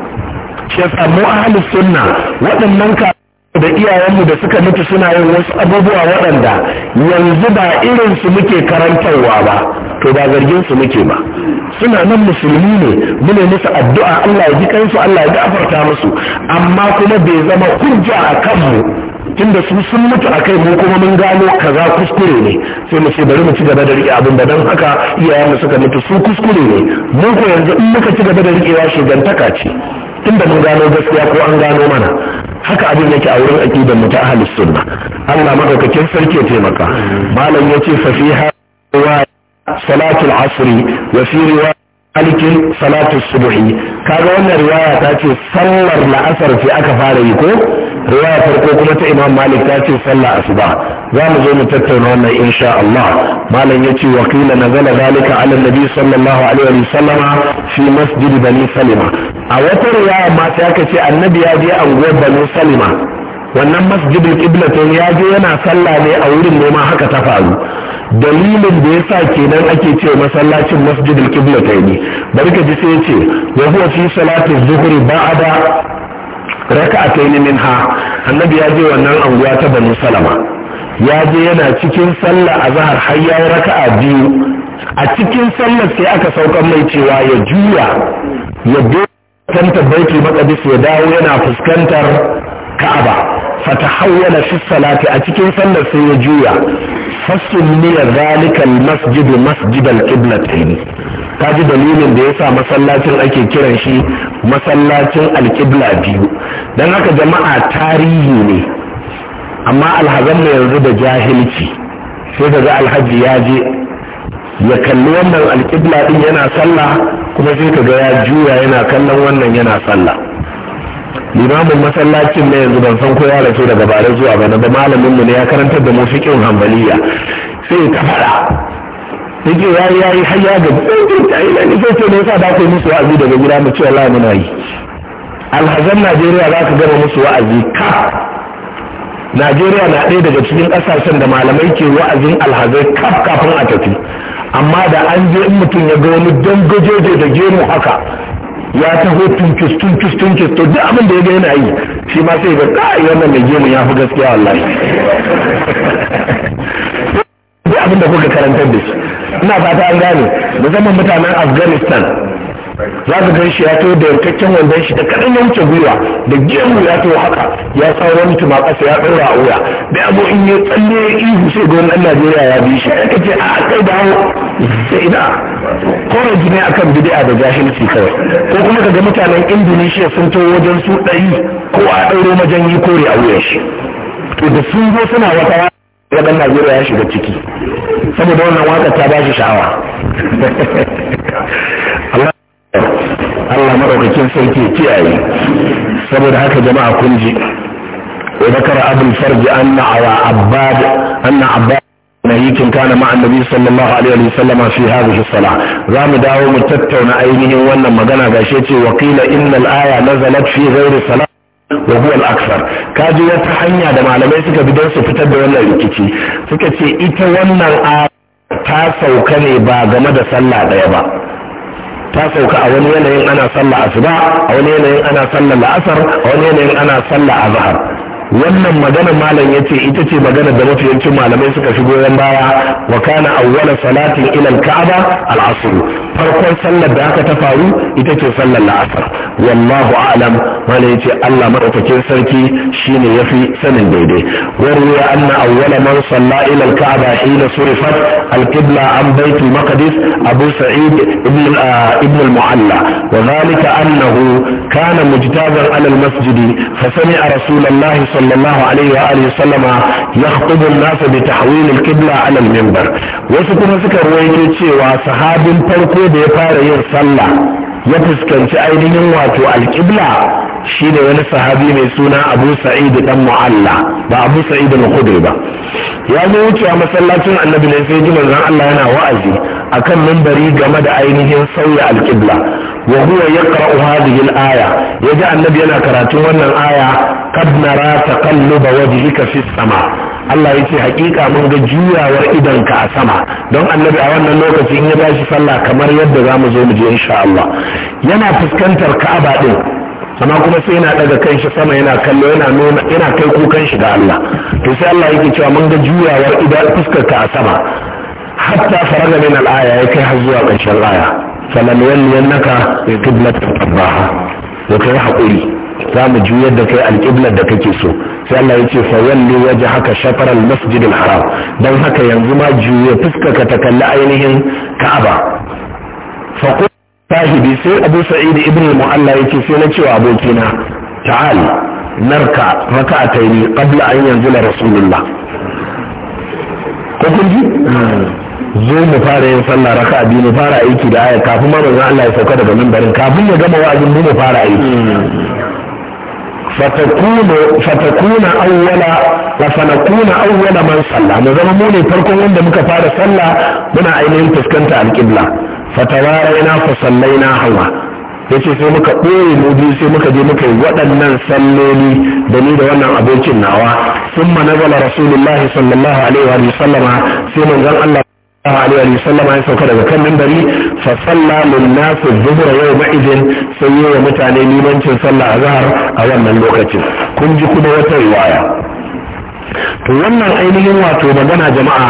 shi yasa mu ahlus sunna waɗannan ka da iyayenmu da suka mutu suna yin wasu abubuwa waɗanda yanzu ba irin su muke karantarwa ba to ba zargin su muke ba suna nan musulmi ne muna musu addu'a Allah ya ji kansu Allah ya gafarta musu amma kuma bai zama hujja a kanmu tunda su sun mutu a kai mu kuma mun gano kaza kuskure ne sai mu ce bari mu ci gaba da rike abin da don haka iyayenmu suka mutu su kuskure ne mu ko yanzu in muka ci gaba da rikewa shugantaka ce tunda mun gano gaskiya ko an gano mana haka abin yake a wurin aqidar mu ta ahlus sunna Allah madaukakin sarki ya taimaka malam yace fa fiha wa salatul asri wa fi riwaya alikin subuhi kaga wannan riwaya ta ce sallar la'asar ce aka fara yi ko riwaya farko kuma ta imam malik ta ce sallah asuba za mu zo mu tattauna wannan insha Allah malam yace wa qila nazala zalika ala nabi sallallahu alaihi wa sallama fi masjid bani salima a wata riwaya ma ta ce annabi ya je anguwar bani salima wannan masjidin qiblatun ya je yana sallah ne a wurin ne ma haka ta faru dalilin da yasa kenan ake ce masallacin masjidin qiblatayn bari ka ji sai yace wa huwa fi salati dhuhri ba'da min ha, annabi ya je wannan anguwa ta banu salama ya je yana cikin sallah zahar har ya raka'a biyu a cikin sallar sai aka sauka mai cewa ya juya ya fuskantar baitul maƙadis ya dawo yana fuskantar ka'aba fatahawwala fi salati a cikin sallar sai ya juya fasunniya zalika almasjid masjid alqiblatayn ka ji dalilin da ya sa masallacin ake kiran shi masallacin alkibla biyu don haka jama'a tarihi ne amma alhazan yanzu da jahilci sai da ga alhaji ya je ya kalli wannan alkibla din yana sallah kuma sai ka ga ya juya yana kallon wannan yana sallah limamin masallacin na yanzu ban san ko ya rasu daga bare zuwa ba, ba malamin mu ne ya karantar da mu fiqhin hanbaliya sai ka faɗa yake yayi yayi har ya gabu ne ke ce ne yasa ba ku musu wa'azi daga gida mu ce wallahi muna yi alhazan Najeriya za ka gama musu wa'azi ka Najeriya na ɗaya daga cikin ƙasashen da malamai ke wa'azin alhazai kaf kafin a tafi amma da an je in mutum ya ga wani dangajoje da gemu haka ya taho tunkis tunkis tunkis to duk abin da ya ga yana yi shi ma sai ga kai wannan mai gemu ya fi gaskiya wallahi duk abin da kuka karantar da shi ina fata an gane musamman mutanen afghanistan za ka gan shi ya to da yankakken wandon shi da kaɗan ya wuce gwiwa da gemu ya to haka ya sa wani tuma ƙasa ya ɗora a wuya da abu in ya tsalle ihu sai ga wani ɗan najeriya ya bi shi ya ce a kai da hau sai ina jini akan bidiya da jahilci kawai ko kuma ka ga mutanen indonesia sun to wajen su ɗari ko a ɗauro majanyi kore a wuyan shi to da sun zo suna wata najeriya ya shiga ciki saboda wannan waka ta ba shi sha'awa Allah kiyaye saboda haka jama'a kun ji وذكر أبو الفرج أن على عباد أن عباد نهيك كان مع النبي صلى الله عليه وسلم في هذه الصلاة رام داو متتون أينه وأن مدنا غشيتي وقيل إن الآية نزلت في غير صلاة wa huwa al-aksar kaji wata hanya da malamai suka bi don su fitar da wannan rikici suka ce ita wannan a ta sauka ne ba game da sallah daya ba ta sauka a wani yanayin ana sallah asuba a wani yanayin ana sallah la'asar a wani yanayin ana sallah zahar wannan magana malam ya ce ita ce magana da mafiyancin malamai suka fi goyon baya wa kana awwala salatin ila al-ka'aba al-asr farkon sallar da aka ta faru ita ce sallar la'asar wallahu a'lam wanda ya ce Allah maɗaukakin sarki shine ya fi sanin daidai warwe anna awwala man salla ila al-ka'aba hina surifat al-qibla an baitul maqdis abu sa'id ibn ah, ibn al-mu'alla wa annahu kana mujtaban ala al-masjid fa sami'a rasulullah sallallahu alaihi wa alihi sallama yakhطubu an-nas bi tahwil al-qibla ala al-minbar wasu kuma suka ruwaito cewa sahabin farko da ya fara yin sallah ya fuskanci ainihin wato alƙibla shi da wani sahabi mai suna abu sa'id dan mu'alla ba abu sa'id al-khudri ba ya zo wucewa masallacin annabi ne sai ji manzon Allah yana wa'azi akan mimbari game da ainihin sauya alƙibla wa huwa yaqra'u hadhihi al-aya yaji annabi yana karatun wannan aya kad nara taqalluba wajhika fi sama Allah yace hakika mun ga juyawar idanka a sama don annabi a wannan lokaci in ya tashi sallah kamar yadda zamu zo mu je insha Allah yana fuskantar Ka'aba din amma kuma sai yana daga kan shi sama yana kallo yana nuna yana kai kukan shi ga Allah to sai Allah yake cewa mun ga juyawar idan fuskarka a sama hatta faraga min al-aya yake har zuwa ƙarshen aya baha? قبلة ترضاها haƙuri. Za zamu juyar da kai alƙiblar da kake so sai Allah ya ce fa waje haka shafarar masjidin haram don haka yanzu ma juya ka ta kalli ainihin ka'aba fa sahibi sai abu sa'id ibn mu'alla yake sai na cewa abokina ta'al narka raka'ataini qabla an na rasulullah ko kun ji zo mu fara yin sallah raka biyu mu fara aiki da aya kafin ma manzon Allah ya sauka daga mimbarin kafin ya gama wa'azin mu mu fara aiki fatakuna awwala wa sanakuna awwala man sallah mu zama mu ne farkon wanda muka fara sallah muna ainihin fuskanta alƙibla fatawaraina fa sallaina hawa yace sai muka ɓoye mu biyu sai muka je muka yi waɗannan salloli da ni da wannan abokin nawa sun manazala rasulullahi sallallahu alaihi wa sallama sai manzon Allah alaihi wasallam ya sauka daga kan mimbari fa salla lin nas dhuhra yawma idin sai yayi mutane limancin sallah azhar a wannan lokacin kun ji kuma wata to wannan ainihin wato magana jama'a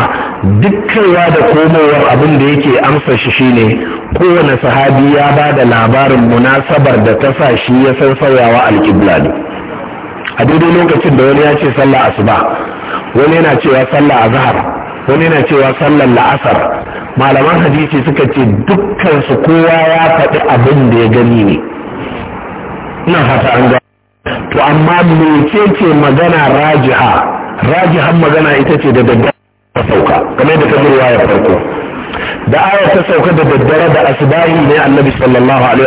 dukkanwa da komowar abin da yake amsa shi shine kowane sahabi ya ba da labarin munasabar da ta sa shi ya san sauyawa alƙibla ne a daidai lokacin da wani ya ce sallah asuba wani yana cewa sallah azhar wani na cewa sallar la'asar malaman hadisi suka ce dukkan su kowa ya faɗi abin da ya gani ne ina fata an ga to amma mecece magana rajiha rajihan magana ita ce da daddare ta sauka kamar da ta ya farko da aya ta sauka da daddare da asibahi ne annabi sallallahu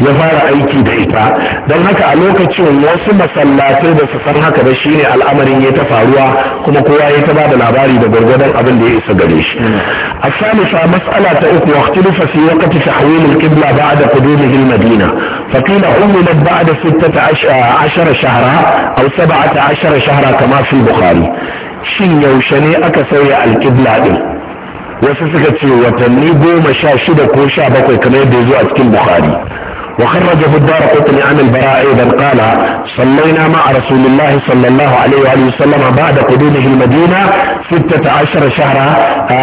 ya fara aiki da ita don haka a lokacin wasu masallatai da su san haka ba shine al'amarin ya ta faruwa kuma kowa ya ta ba da labari da gwargwadon abin da ya isa gare shi a salisa matsala ta uku waqtilifa fi waqti tahwil al-qibla ba'da qudumi bil madina fa qila ummat ba'da 16 shahra aw 17 shahra kama fi bukhari shin yaushe ne aka sauya alkibla qibla din wasu suka ce watanni goma sha shida ko sha bakwai kamar yadda ya zo a cikin bukhari وخرج في الدار قطني عن البراء ايضا قال صلينا مع رسول الله صلى الله عليه وآله وسلم بعد قدومه المدينة ستة عشر شهرا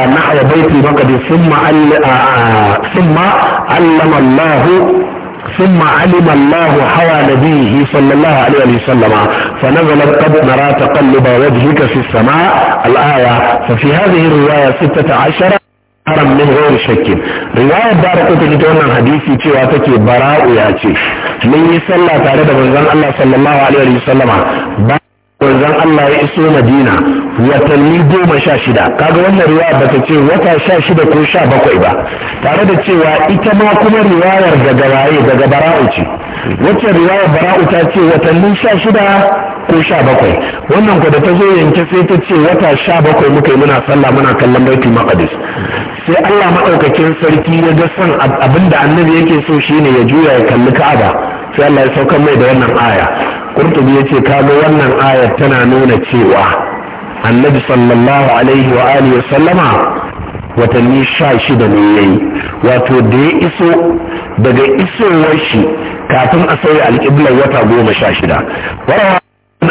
نحو بيت المقدس ثم علم الله ثم علم الله حوى نبيه صلى الله عليه وسلم فنزلت قد نرى تقلب وجهك في السماء الآية ففي هذه الرواية ستة عشر حرم من غير شك رواية دار قلت لتونا حديثي تواتك براء ياتي من يسلى تعالى من الله صلى الله عليه وسلم با wanzan Allah ya iso Madina watanni goma sha shida kaga wannan riwaya ba ta ce wata sha shida ko sha bakwai ba tare da cewa ita ma kuma riwayar daga waye daga bara'u ce wacce riwayar bara'u ta ce watanni sha shida ko sha bakwai wannan ku da ta zo yanke sai ta ce wata sha bakwai muka yi muna sallah muna kallon baitul maqdis sai Allah madaukakin sarki ya ga son abinda annabi yake so shine ya juya ya kalli Ka'aba sai Allah ya saukar mai da wannan aya kurtubi ya ce kaga wannan ayar tana nuna cewa annabi sallallahu alaihi wa alihi wa sallama watanni sha shida ne ya yi wato da ya iso daga isowar shi kafin a sauya alƙiblar wata goma sha shida warawa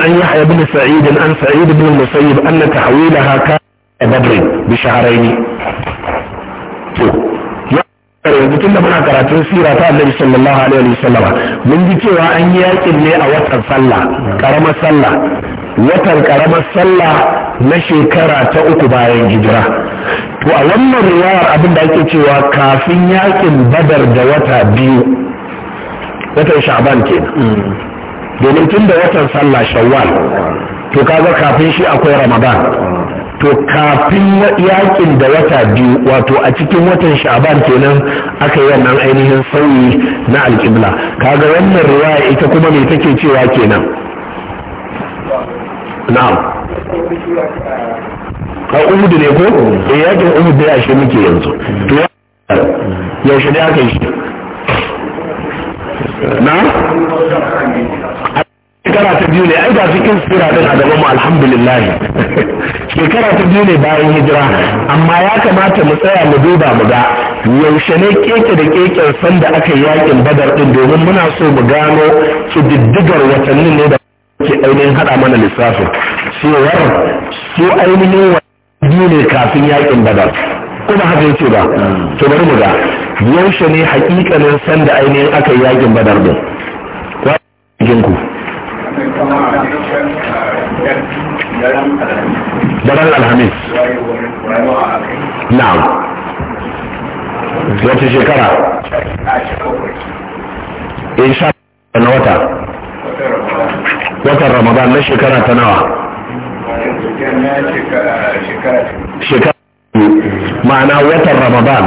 an yi haya bin sa'id an sa'id bin musayyib an na tahawila a badrin bi shaharaini yanzu da muna karatun sira ta annabi sallallahu alaihi wa sallam mun ji cewa an yi yakin ne a watan sallah karamar sallah watan karamar sallah na shekara ta uku bayan hijira to a wannan riwayar abin da ake cewa kafin yakin badar da wata biyu watan sha'ban kenan domin tun da watan sallah shawwal to kaga kafin shi akwai ramadan to kafin yakin da wata biyu wato a cikin watan sha'aban kenan aka yi wannan ainihin sauyi na alƙibla kaga wannan riwaya ita kuma me take cewa kenan na'am a umudu ne ko eh yakin umudu ya shi muke yanzu to yaushe ne aka yi shi? na shekara ta biyu ne ai ga cikin inspira din a gaban mu alhamdulillah shekara ta biyu ne bayan hijira amma ya kamata mu tsaya mu duba mu ga yaushe ne keke da keken sanda aka yi yakin badar din domin muna so mu gano diddigar watannin ne da ke ainihin hada mana Su cewar su ainihin biyu ne kafin yakin badar kuma haka yake ba to bari mu ga yaushe ne hakikanin da ainihin aka yi yakin badar din ku daren alhamis na wata shekara in insha na wata watan ramadan na shekara ta nawa shekara ta ma'ana watan ramadan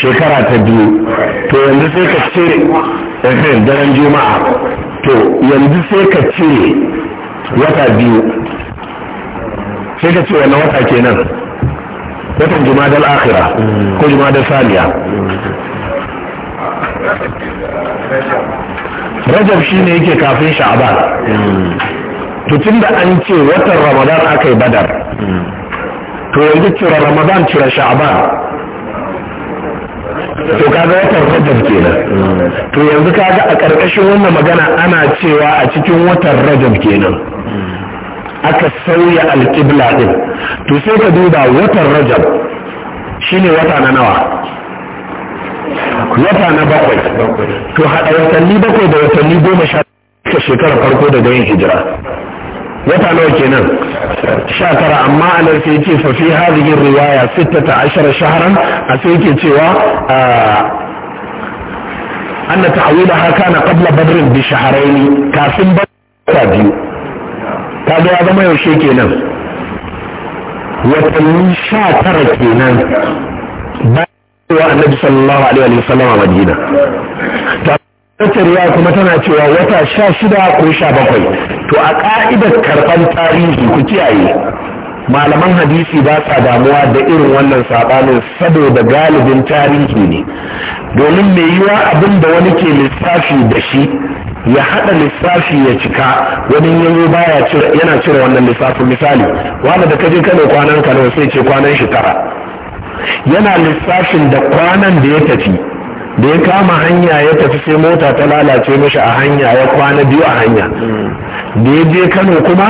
shekara ta biyu to yanzu sai ka cire eh, daren juma'a to yanzu sai ka cire wata biyu sai ka ce wannan wata kenan watan jumadal akhira ko jumadal saniya rajab shine yake kafin sha'ban to da an ce watan ramadan aka yi badar to yanzu cire ramadan cire sha'ban to kaga watan rajab kenan to yanzu kaga a ƙarƙashin wannan magana ana cewa a cikin watan rajab kenan aka sauya alƙibla ɗin to sai ka duba watan rajab shine wata na nawa wata na bakwai to haɗa watanni bakwai da watanni goma sha shekarar farko da yin hijira يفعل وكنا شاكرا اما انا فيتي ففي هذه الرواية ستة عشر شهرا افيتي توا آه ان تعويلها كان قبل بدر بشهرين كاسم بدر كاديو كاديو هذا ما يوشي كنا شاكرا كنا النبي صلى الله عليه وسلم مدينة تقول رواية متنا توا وتا شاشدا to a ƙa'idar karban tarihi ku kiyaye malaman hadisi ba sa damuwa da irin wannan sabanin saboda galibin tarihi ne domin mai yiwa abin da wani ke lissafi da shi ya haɗa lissafi ya cika wani yanzu baya yana cire wannan lissafin misali wanda da kaje kano kwanan kano sai ce kwanan shekara. yana lissafin da kwanan da ya tafi da ya kama hanya ya tafi sai mota ta lalace mashi a hanya ya kwana biyu a hanya da ya je kano kuma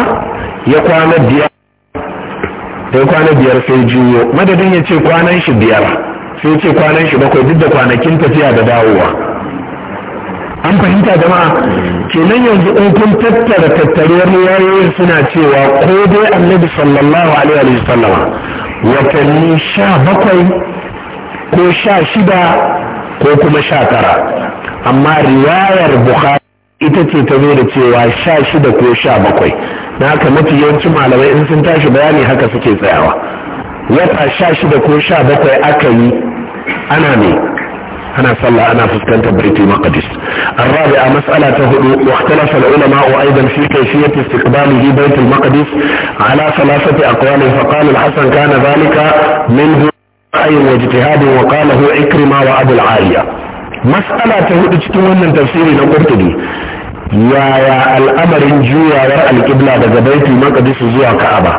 ya kwana biyar Da ya kwana biyar sai juyo madadin ya ce kwanan shi biyar sai ce kwanan shi bakwai duk da kwanakin tafiya da dawowa an fahimta jama'a kenan yanzu in kun tattara tattarewar yayoyin suna cewa ko dai annabi sallallahu alaihi wa sallama watanni sha bakwai ko sha shida ko kuma sha tara amma riwayar bukhari ita ce ta zo da cewa sha shida ko sha bakwai na haka mafi yawancin malamai in sun tashi bayani haka suke tsayawa wata sha shida ko sha bakwai aka yi ana ne أنا صلى أنا فسكنت بريت المقدس الرابعة مسألة هدوء واختلف العلماء أيضا في كيفية استقباله بيت المقدس على ثلاثة أقوال فقال الحسن كان ذلك منه ra'ayi wa jitihadin wa qalahu ikrima wa abul aliya mas'ala ta hudu cikin wannan tafsiri na qurtubi yaya al'amarin juyawar alƙibla daga baitul maqdis zuwa ka'aba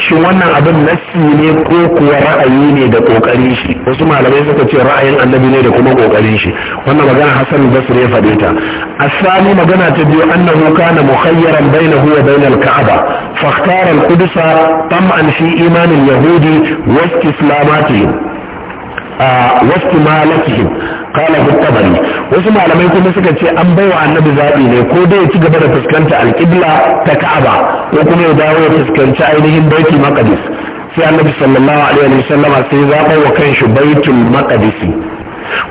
shin wannan abin nassi ne ko kuwa ra'ayi ne da kokarin shi wasu malamai suka ce ra'ayin annabi ne da kuma kokarin shi wannan magana hasan basri ya faɗe ta asali magana ta biyu annahu kana mukhayyaran bainahu wa bainal ka'aba fa ikhtara al-quds tam'an fi iman al-yahudi wa istislamatihim ah, wa istimalatihim qala fi tabari wasu malamai kuma suka ce an bai wa annabi zabi ne ko dai ya ci gaba da fuskanta alqibla ta ka'aba ko kuma ya dawo ya fuskanci ainihin baitul maqdis sai annabi sallallahu alaihi wa sallama sai ya zaba wa kanshi baitul maqdis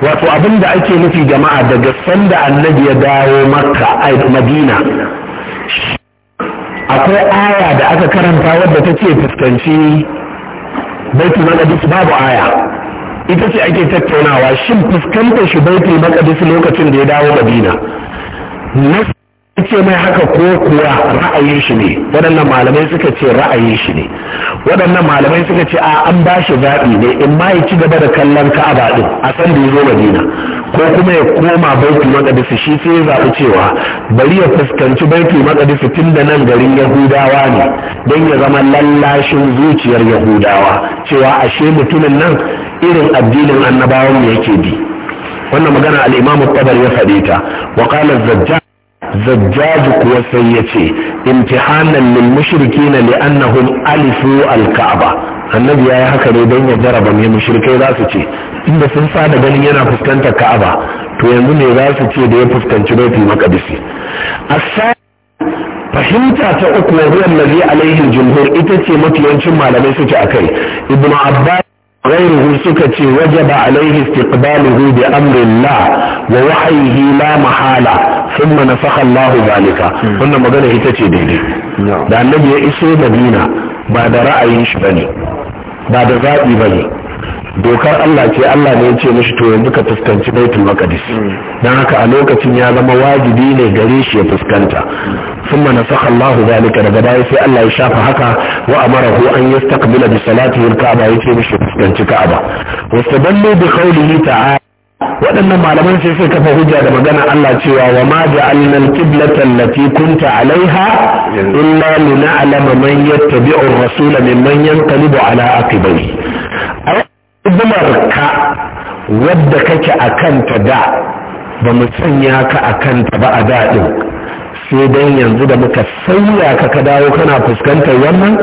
wato abin da ake nufi jama'a daga sanda annabi ya dawo makka ai madina akwai aya da aka karanta wadda ta ce fuskanci baitul maqdis babu aya ita ce ake tattaunawa shin fuskantar shi baitul maqdis lokacin da ya dawo madina ce mai haka ko kuwa ra'ayin shi ne waɗannan malamai suka ce ra'ayin shi ne waɗannan malamai suka ce a an ba shi zaɓi ne in ma ya ci gaba da kallon ka'aba ɗin a san da ya zo madina ko kuma ya koma baitul maqdis shi sai ya zaɓi cewa bari ya fuskanci baitul maqdis tun da nan garin yahudawa ne don ya zama lallashin zuciyar yahudawa cewa ashe mutumin nan irin addinin annabawan yake bi wannan magana al-imamu tabar ya faɗe ta wa qala zajjaj kuwa sai ya ce imtihanan lil mushrikina li'annahum alifu al-ka'aba annabi yayi haka ne don ya jaraba ne mushirikai za su ce inda sun sada ganin yana fuskantar ka'aba to yanzu ne za su ce da ya fuskanci baitul maqdisi as fahimta ta uku wa huwa allazi alaihi jumhur ita ce mafiyancin malamai suke a akai ibnu abbas غيره سكتي وجب عليه استقباله بأمر الله ووحيه لا محالة ثم نفخ الله ذلك قلنا ما قال هتتي ديني ده النبي يئسوا مدينة بعد رأي بني بعد ذاتي بني dokar Allah ce Allah ne ya ce mishi to yanzu ka fuskanci baitul maqdis dan haka a lokacin ya zama wajibi ne gare shi ya fuskanta thumma nasakha Allah zalika daga dai sai Allah ya shafa haka wa amarahu an yastaqbila bi salatihi al-ka'ba ce mishi fuskanci ka'aba wastadallu bi qawlihi ta'ala waɗannan malaman sai suka kafa hujja da magana Allah cewa wa ma ja'alna al-qiblata allati kunta 'alayha illa lina'lama man yattabi'u ar-rasula mimman yanqalibu 'ala aqibayhi ka wadda kake a kanta da ba mu sanya ka a kanta ba a daɗin sai don yanzu da muka sanya ka ka dawo kana fuskantar wannan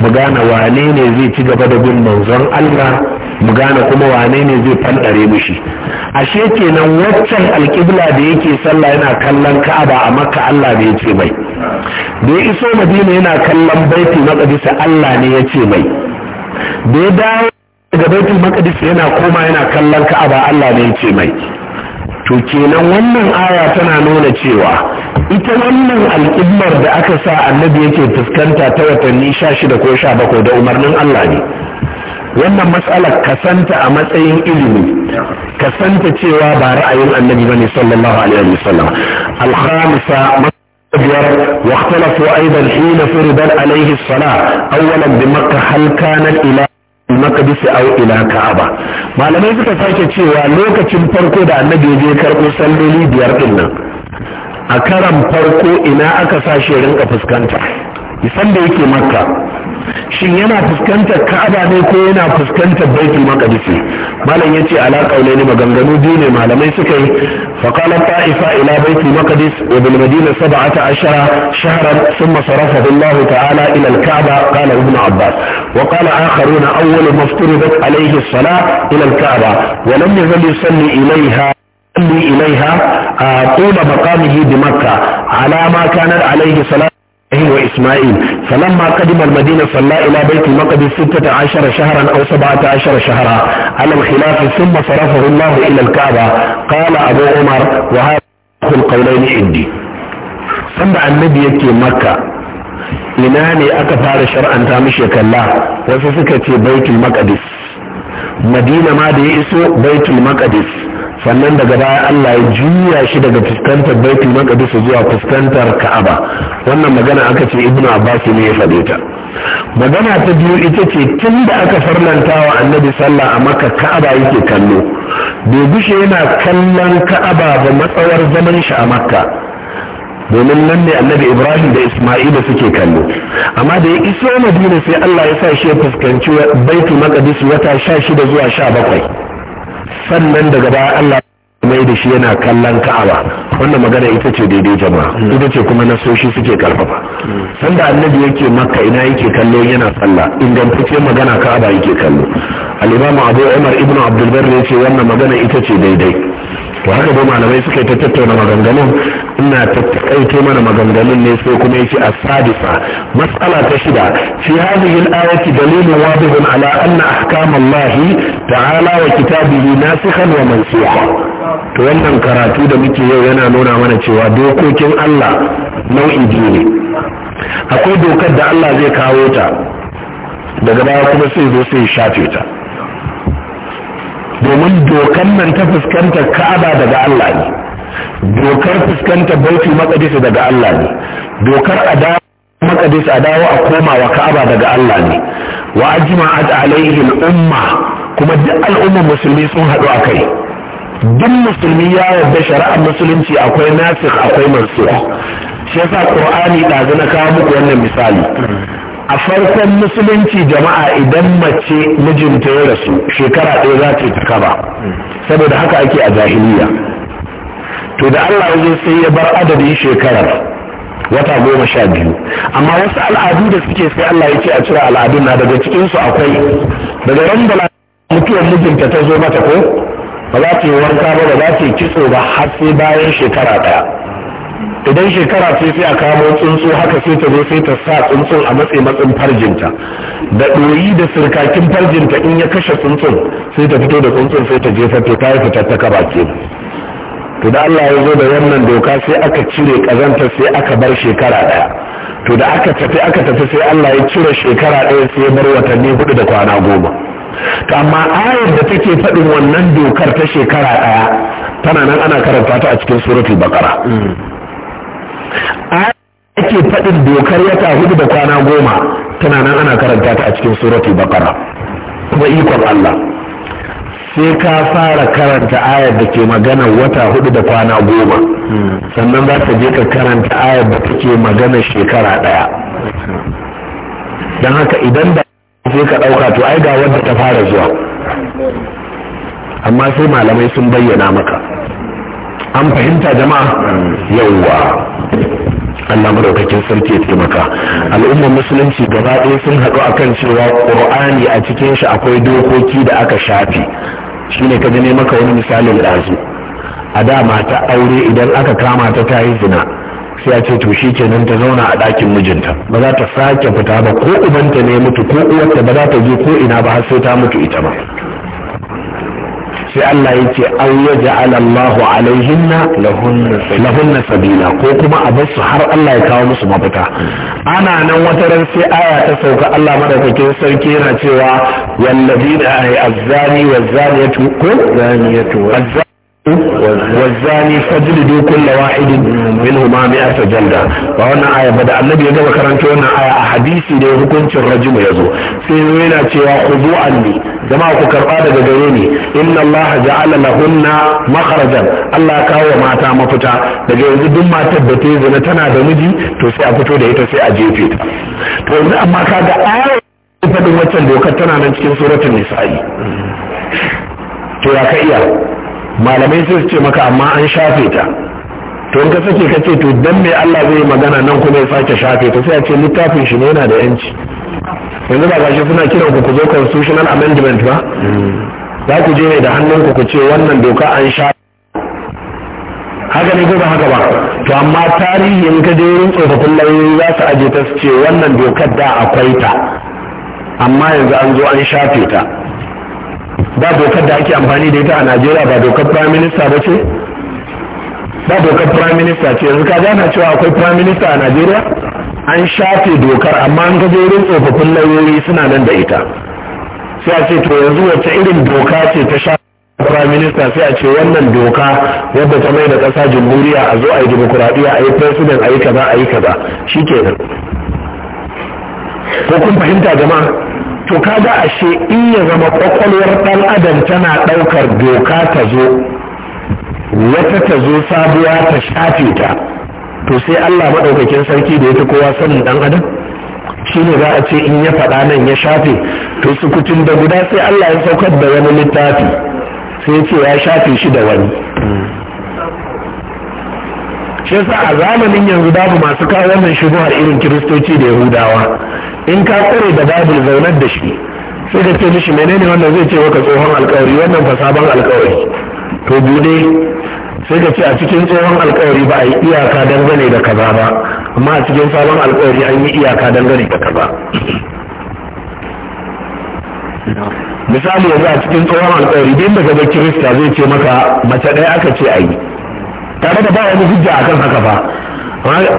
mu gane wane ne zai ci gaba da bin manzon Allah mu gane kuma wane ne zai fanɗare mushi ashe kenan waccan alƙibla da yake sallah yana kallon Ka'aba a maka Allah da ya ce mai da ya iso Madina yana kallon baiti Maqdis Allah ne ya ce mai da ya dawo daga baitul maqdis yana koma yana kallon ka'aba Allah ne yake mai to kenan wannan aya tana nuna cewa ita wannan alƙiblar da aka sa annabi yake fuskanta ta watanni 16 ko 17 da umarnin Allah ne wannan matsalar kasanta a matsayin ilimi kasanta cewa ba ra'ayin annabi bane sallallahu alaihi wasallam al-khamisa واختلفوا ايضا حين فرضت عليه الصلاه اولا بمكه هل كانت الى makadi au ila ka'aba malamai suka sake cewa lokacin farko da annabi ya karko salloli biyar din nan a karan farko ina aka sashi rinka fuskanta isan da yake makka shin yana fuskantar ka'aba ne ko yana fuskantar baitul maqdis malam yace ala qaulaini maganganu biyu ne malamai suka yi fa qala ta'ifa ila baitul maqdis wa bil madina 17 shahran thumma sarafahu Allah ta'ala ila al-ka'ba qala ibn Abbas wa qala akharun awwal mafturudat alayhi as-salah ila al-ka'ba wa lam yazal yusalli ilayha إليها طول مقامه بمكة على ما كانت عليه صلاة وإسماعيل فلما قدم المدينة صلى إلى بيت المقدس ستة عشر شهرا أو سبعة عشر شهرا على الخلاف ثم صرفه الله إلى الكعبة قال أبو عمر وهذا القولين عندي sanda النبي yake مكة لناني ne شرعا تامشي shar'anta mishi بيت المقدس suka ce baitul maqdis madina ma sannan daga baya Allah ya juya shi daga fuskantar baitul maqdis zuwa fuskantar Ka'aba wannan magana aka ce Ibn Abbas ne ya faɗe ta magana ta biyu ita ce tun da aka farlanta wa Annabi sallah a Makka Ka'aba yake kallo bai gushe yana kallon Ka'aba ba matsawar zaman shi a Makka domin nan ne annabi ibrahim da isma'ila suke kallo amma da ya iso madina sai allah ya sa shi ya fuskanci baitul maqdis wata sha shida zuwa sha bakwai sannan daga baya Allah mai da shi yana kallon ka'aba wannan magana ita ce daidai jama'a mm. ita ce kuma nasoshi suke karfafa mm. sanda annabi yake makka ina yake kallo yana sallah ingantacce magana ka'aba yake kallo al abu umar ibnu abdul ne ce wannan magana ita ce daidai to haka dai malamai suka ta tattauna maganganun ina tattakaito mana maganganun ne sai kuma yace as matsala ta shida fi hadhihi al-ayati dalilun wadihun ala anna ahkam Allah ta'ala wa kitabihi nasikhan wa mansukhan to wannan karatu da muke yau yana nuna mana cewa dokokin Allah nau'i biyu ne akwai dokar da Allah zai kawo ta daga baya kuma sai zo sai shafe ta domin dokan nan ta fuskanta ka'aba daga Allah ne dokar fuskanta bauti maqdis daga Allah ne dokar adawa maqdis adawa a komawa ka'aba daga Allah ne wa ajma'at alaihi al-umma kuma duk al'ummar musulmi sun haɗu a kai duk musulmi ya yarda shari'ar musulunci akwai nasir akwai mansukh shi yasa qur'ani ɗazu na kawo muku wannan misali a farkon musulunci jama'a idan mace mijinta ya rasu shekara ɗaya za ta ta kaba saboda haka ake a jahiliya to da allah ya sai ya bar adadin shekarar wata goma sha biyu amma wasu al'adu da suke sai allah ya ce a cire al'adun na daga cikinsu akwai daga ran da mutuwar mijinta ta zo mata ko ba za ta yi wanka ba ba za ta yi kitso ba har sai bayan shekara ɗaya idan shekara sai sai a kamo tsuntsu haka sai ta zo sai ta sa tsuntsun a matsayi matsin farjinta da ɗoyi da sirkakin farjinta in ya kashe tsuntsun sai ta fito da tsuntsun sai ta jefa to ta yi fitar ta kaba ke to da Allah ya zo da wannan doka sai aka cire kazanta sai aka bar shekara ɗaya to da aka tafi aka tafi sai Allah ya cire shekara ɗaya sai ya bar watanni hudu da kwana goma to amma ayar da take faɗin wannan dokar ta shekara ɗaya tana nan ana karanta ta a cikin suratul bakara ayar da take faɗin dokar yata hudu da kwana goma tana nan ana karanta ta a cikin suratul bakara kuma ikon Allah sai ka fara karanta ayar da ke magana wata hudu da kwana goma sannan za ka je ka karanta ayar da take magana shekara ɗaya don haka idan da sai ka ɗauka to ai ga wadda ta fara zuwa amma sai malamai sun bayyana maka an fahimta jama'a yawwa Allah maɗaukakin sarki ya taimaka al'ummar musulunci gaba ɗaya sun haɗu akan cewa ƙur'ani a cikin shi akwai dokoki da aka shafi shine ka ji maka wani misalin ɗazu a da mata aure idan aka kama ta ta yi zina sai ya ce to shi kenan ta zauna a ɗakin mijinta ba za ta sake fita ba ko ubanta ne mutu ko uwarta ba za ta je ko ina ba har sai ta mutu ita ba sai Allah ya ce an ya ja'ala Allahu alaihinna lahunna sabila ko kuma a basu har Allah ya kawo musu mafita ana nan wata ran sai aya ta sauka Allah madaukakin sarki yana cewa wallazina ay azzani wazzaniyatu ko zaniyatu والزاني فاجلدوا كل واحد منهما مئة جلدة وانا آية بدأ النبي يجب كرانتو وانا آية حديثي دي هكونت الرجم يزو سيوينا تيوا خذوا عني جماعة كرقادة بجريني إن الله جعل لهن مخرجا الله كاو ما تام فتا daga yanzu duk matar da ta yi zina tana da miji to sai a fito da ita sai a jefe ta to yanzu amma kaga ayar faɗin waccan dokar tana nan cikin suratul nisa'i to ya ka iya malamai sai su ce maka amma an shafe ta to in ka sake ka ce to dan me Allah zai magana nan kuma ya sake shafe ta sai a ce littafin shi ne yana da yanci yanzu ba shi suna kiran ku ku zo constitutional amendment ba za ku je ne da hannun ku ku ce wannan doka an shafe haka ne ko ba haka ba to amma tarihin in ka je wurin tsofaffin lauyoyi za su aje ta su ce wannan dokar da akwai ta amma yanzu an zo an shafe ta ba dokar da ake amfani da ita a najeriya ba dokar prime minister ba ce ba dokar prime minister ce yanzu ka gana cewa akwai prime minister a najeriya an shafe dokar amma an gaje wurin tsofaffin lauyoyi suna nan da ita sai a ce to yanzu wacce irin doka ce ta shafe prime minister sai a ce wannan doka wadda ta mai da ƙasa jamhuriya a zo a yi demokuraɗiyya a yi president a yi kaza a yi kaza shi kenan ko kun fahimta jama'a to kaga ashe in ya zama kwakwalwar ɗan adam tana ɗaukar doka ta zo wata ta zo sabuwa ta shafe ta to sai allah maɗaukakin sarki da ya fi kowa sanin ɗan adam shi ne za a ce in ya faɗa nan ya shafe to sukutun da guda sai allah ya saukar da wani littafi sai ce ya shafe shi da wani shi sa a zamanin yanzu babu masu kawo wannan shubuhar irin kiristoci da yahudawa in ka tsare da babul zaunar da shi sai ka ce mishi menene wannan zai ce waka tsohon alkawari wannan fa sabon alkawari to bude sai ka ce a cikin tsohon alkawari ba a yi iyaka dangane da kaza ba amma a cikin sabon alkawari an yi iyaka dangane da kaza misali yanzu a cikin tsohon alkawari din daga kirista zai ce maka mace ɗaya aka ce a yi tare da ba wani hujja akan haka ba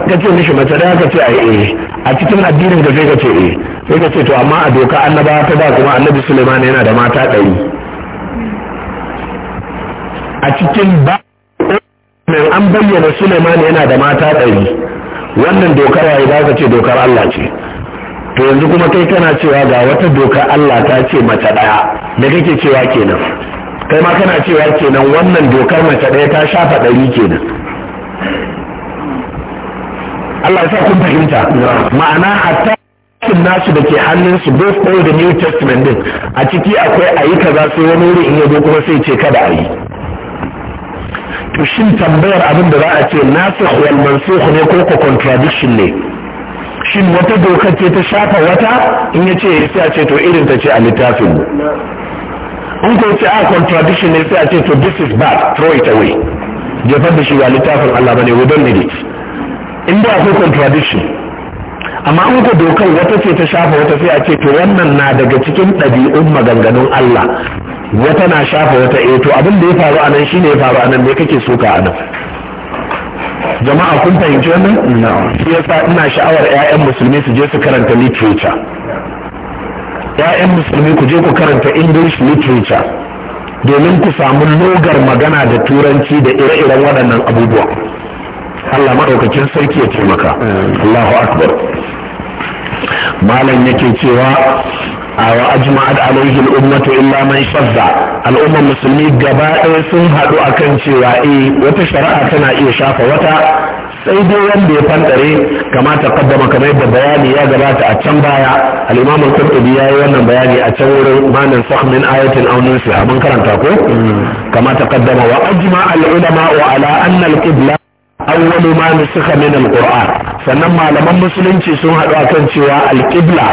ka ce mishi mace da ka ce a yi eh, a cikin addinin ka sai ka ce eh sai ka ce to amma a doka annaba ta da kuma annabi suleiman yana da mata ɗari a cikin ba an bayyana suleiman yana da mata ɗari wannan dokar waye za ka ce dokar allah ce to yanzu kuma kai kana cewa ga wata dokar allah ta ce mace ɗaya da kake cewa kenan kai ma kana cewa kenan wannan dokar mace ɗaya ta shafa ɗari kenan Allah ya sa kun fahimta ma'ana hatta cikin nasu da ke hannunsu both old and new testament din a ciki akwai ayyuka za su wani wuri in yabo kuma sai ce kada a yi to shin tambayar abin da za a ce nasu wal mansukh ne ko ko contradiction ne shin wata dokar ce ta shafa wata in ya ce sai a ce to irin ta ce a littafin mu in ka ce a contradiction ne sai a ce to this is bad throw it away jefar da shi ba littafin Allah bane we don't need it in ba akwai contradiction amma in ka dokar wata ce ta shafa wata sai a ce to wannan na daga cikin ɗabi'un maganganun Allah wata na shafa wata eh to abin da ya faru anan shine ya faru anan me kake so ka anan jama'a kun fahimci wannan shi yasa ina sha'awar 'ya'yan musulmi su je su karanta literature 'ya'yan musulmi ku je ku karanta english literature domin ku samu logar magana da turanci da ire-iren waɗannan abubuwa allah maɗaukakin sarki ya taimaka allahu akbar malam yake cewa wa ajma'at alaihi al'ummatu illa man shazza al'ummar musulmi gaba ɗaya sun haɗu akan cewa eh wata shari'a tana iya shafa wata sai dai wanda ya fantare kamata kaddama kamar yadda bayani ya gabata a can baya Alimamin imam al-qurtubi yayi wannan bayani a can wurin manan sakh min ayatin aw nusiha mun karanta ko Kamata kaddama wa ajma al-ulama wa ala anna al-qibla awwal ma nusikha min al-qur'an sannan malaman musulunci sun haɗu kan cewa al-qibla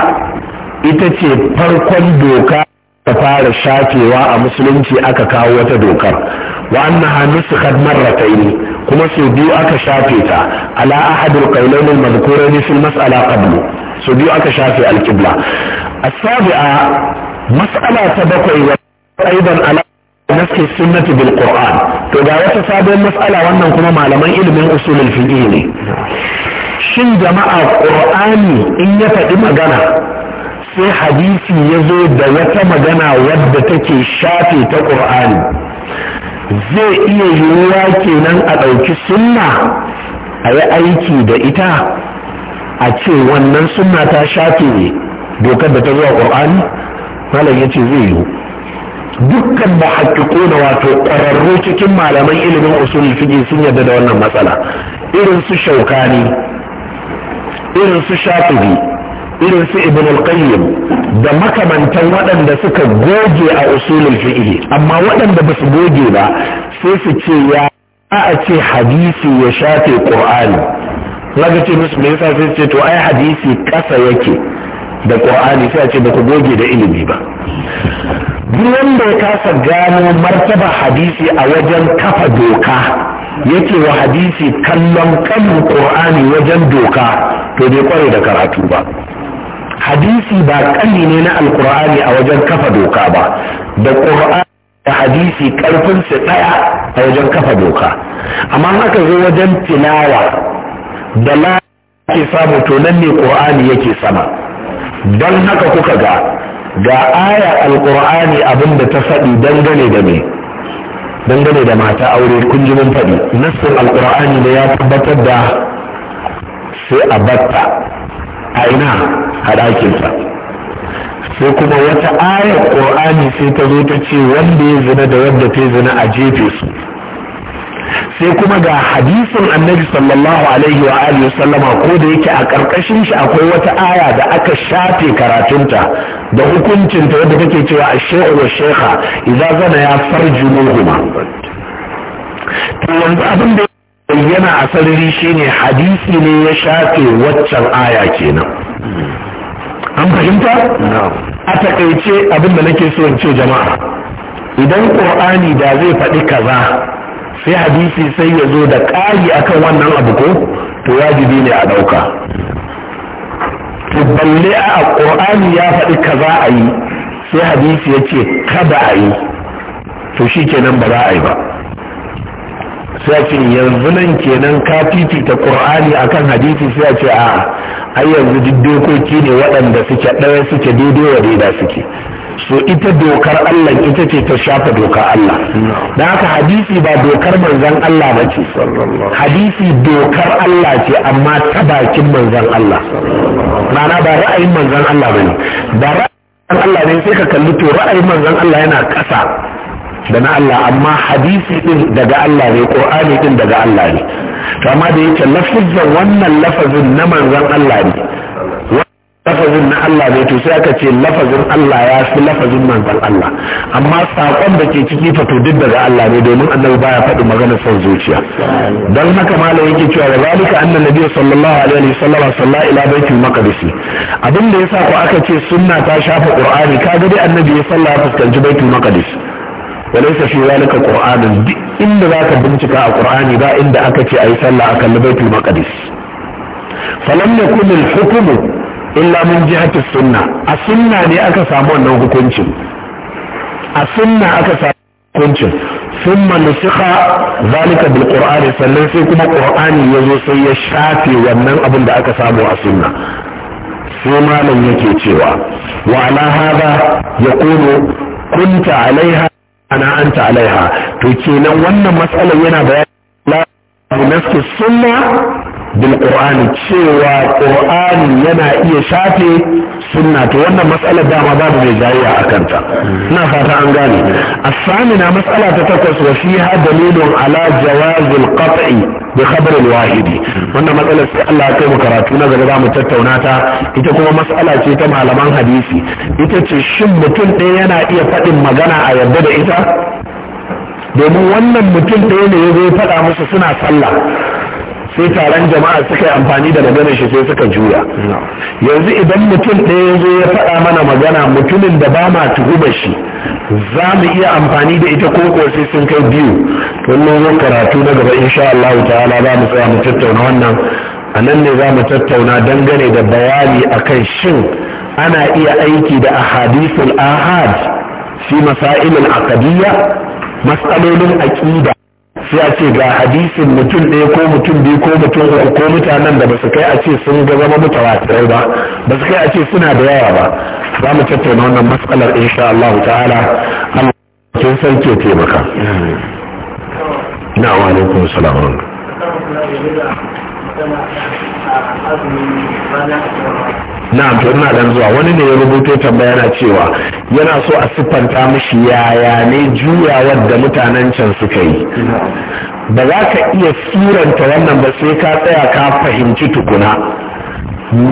ita ce farkon doka ta fara shafewa a musulunci aka kawo wata dokar wa annaha nusikhat marratayn kuma sau biyu aka shafe ta ala ahadul qawlayn al madhkurayn fil mas'ala qablu sau biyu aka shafe al qibla as-sabi'a mas'ala ta bakwai wa aidan ala naske sunnati bil qur'an to ga wata sabon mas'ala wannan kuma malaman ilimin usulul fiqh ne shin jama'a qur'ani in ya faɗi magana sai hadisi ya zo da wata magana wadda take shafe ta ƙur'ani zai iya yiwuwa kenan a ɗauki sunna a yi aiki da ita a ce wannan sunna ta shafe ne dokar da ta zuwa ƙur'ani malam ya ce zai yiwu dukkan da na wato ƙwararru cikin malaman ilimin usulul fiqh sun yarda da wannan matsala irin su shaukani irin su shafi'i irin su ibn al-qayyim da makamantan waɗanda suka goge a usulul fi'li amma waɗanda ba su goge ba sai su ce ya a ce hadisi ya shafe qur'ani laga ce musu me yasa sai ce to ai hadisi kasa yake da qur'ani sai a ce ba ku goge da ilimi ba duk wanda ya kasa gano martaba hadisi a wajen kafa doka yake wa hadisi kallon kan qur'ani wajen doka to bai kware da karatu ba hadisi ba kalli ne na alkur'ani a wajen kafa doka ba da ƙur'ani da hadisi ƙarfin su ɗaya a wajen kafa doka amma haka zo wajen tilawa da la ke samu to nan ne ƙur'ani yake sama don haka kuka ga ga aya alƙur'ani abin da ta faɗi dangane da me dangane da mata aure kun ji mun faɗi nassin alƙur'ani da ya tabbatar da sai a batta a ina a ɗakinsa sai kuma wata ayar ƙorani sai ta zo ta ce wanda ya zina da wanda ta zina a jefe su sai kuma ga hadisin annabi sallallahu alaihi wa alihi sallama ko da yake a ƙarƙashin shi akwai wata aya da aka shafe karatunta da hukuncinta wadda take cewa a shehu wa shekha idan zana ya farji mulhuma to yanzu abin da bayyana a sarari shine hadisi ne ya shafe waccan aya kenan an fahimta a takaice abin da nake so in ce jama'a idan ƙorani da zai faɗi kaza sai hadisi sai ya zo da ƙari akan wannan abu ko to wajibi ne a ɗauka a ƙorani ya faɗi kaza a yi sai hadisi ya ce kada a yi to shi kenan ba za a yi ba sai ce yanzu nan kenan ka fifita qur'ani akan hadisi sai ce a ai yanzu duk dokoki ne waɗanda suke ɗaya suke daidai wa daida suke so ita dokar Allah ita ce ta shafa dokar Allah don haka hadisi ba dokar manzan Allah ba ce hadisi dokar Allah ce amma ta bakin manzan Allah Mana ba ra'ayin manzan Allah ba ne ba ra'ayin Allah ne sai ka kalli to ra'ayin manzan Allah yana ƙasa da na Allah amma hadisi din daga Allah ne Qur'ani din daga Allah ne to amma da yake lafazin wannan lafazin na manzon Allah ne lafazin na Allah ne to sai aka ce lafazin Allah ya fi lafazin manzon Allah amma sakon da ke ciki fa to duk daga Allah ne domin annabi baya faɗi maganar son zuciya dan haka malam yake cewa wa zalika anna nabi sallallahu alaihi wasallam salla ila baitul maqdis abin da yasa ko aka ce sunna ta shafa qur'ani kaga dai annabi ya fuskanci baitul maqdis walaysa fi zalika qur'anun duk inda zaka bincika a qur'ani ba inda aka ce ayi sallah a kalli baitul maqdis falam yakun al hukmu illa min jihati sunna a sunna ne aka samu wannan hukuncin a sunna aka samu hukuncin thumma nusikha zalika bil qur'ani sannan sai kuma ƙur'ani ya zo sai ya shafe wannan abin da aka samu a sunna sai malam yake cewa wa ala hada yaqulu kunta alaiha ana anta alaiha to kenan wannan matsalar yana bayani nasu suna. bil qur'ani cewa qur'ani yana iya shafe sunna to wannan mas'alar dama babu mai jayayya a kanta ina fata an gane a samina mas'ala ta takwas wa fiha dalilun ala jawazil qat'i bi wahidi wannan matsalar sai Allah ya karatu na gaba zamu tattauna ta ita kuma mas'ala ce ta malaman hadisi ita ce shin mutum ɗaya yana iya faɗin magana a yarda da ita domin wannan mutum ɗaya ne ya zo faɗa musu suna sallah sai taron jama'a suka yi amfani da maganar shi sai suka juya yanzu idan mutum ɗaya ya zo ya faɗa mana magana mutumin da ba ma tuhumar shi za mu iya amfani da ita ko ko sai sun kai biyu wannan zo karatu na gaba insha Allah ta'ala za mu tsaya mu tattauna wannan a nan ne za mu tattauna dangane da bayani akan shin ana iya aiki da ahadisul ahad fi masailul aqdiyya mas'alolin aqida sai a ce ga hadisin mutum ɗaya ko mutum biyu ko mutum uku ko mutanen da ba su kai a ce sun ga zama mutawatirai ba ba su kai a ce suna da yawa ba za mu tattauna wannan matsalar insha Allah ta'ala Allah kin san ke taimaka na wa alaikum na'am to ina dan zuwa wani ne ya rubuto tambaya yana cewa yana so a siffanta mishi yaya ne juyawar da mutanen can suka yi ba za ka iya suranta wannan ba sai ka tsaya ka fahimci tukuna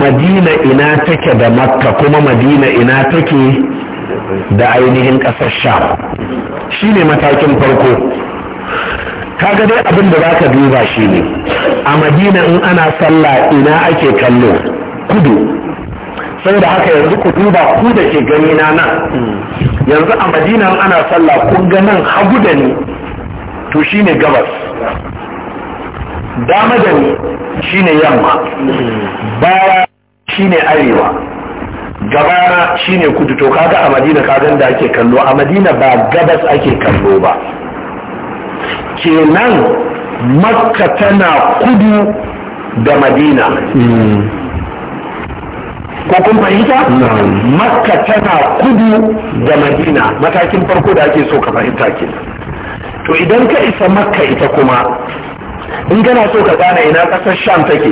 madina ina take da makka kuma madina ina take da ainihin ƙasar sha shi ne matakin farko kaga dai abin da za ka duba shi ne a madina in ana sallah ina ake kallo kudu sai da haka yanzu ku duba ku da ke gani na nan yanzu a madina in ana sallah kun ga nan hagu da ni to shine gabas dama da ni shine yamma baya shine arewa gabana shine kudu to kaga a madina kagan da ake kallo a madina ba gabas ake kallo ba kenan makka tana kudu da madina hmm. ko kun fahimta makka tana kudu da madina matakin farko da ake so ka fahimta ke to idan ka isa makka ita kuma in gana so ka gane ina kasar sham take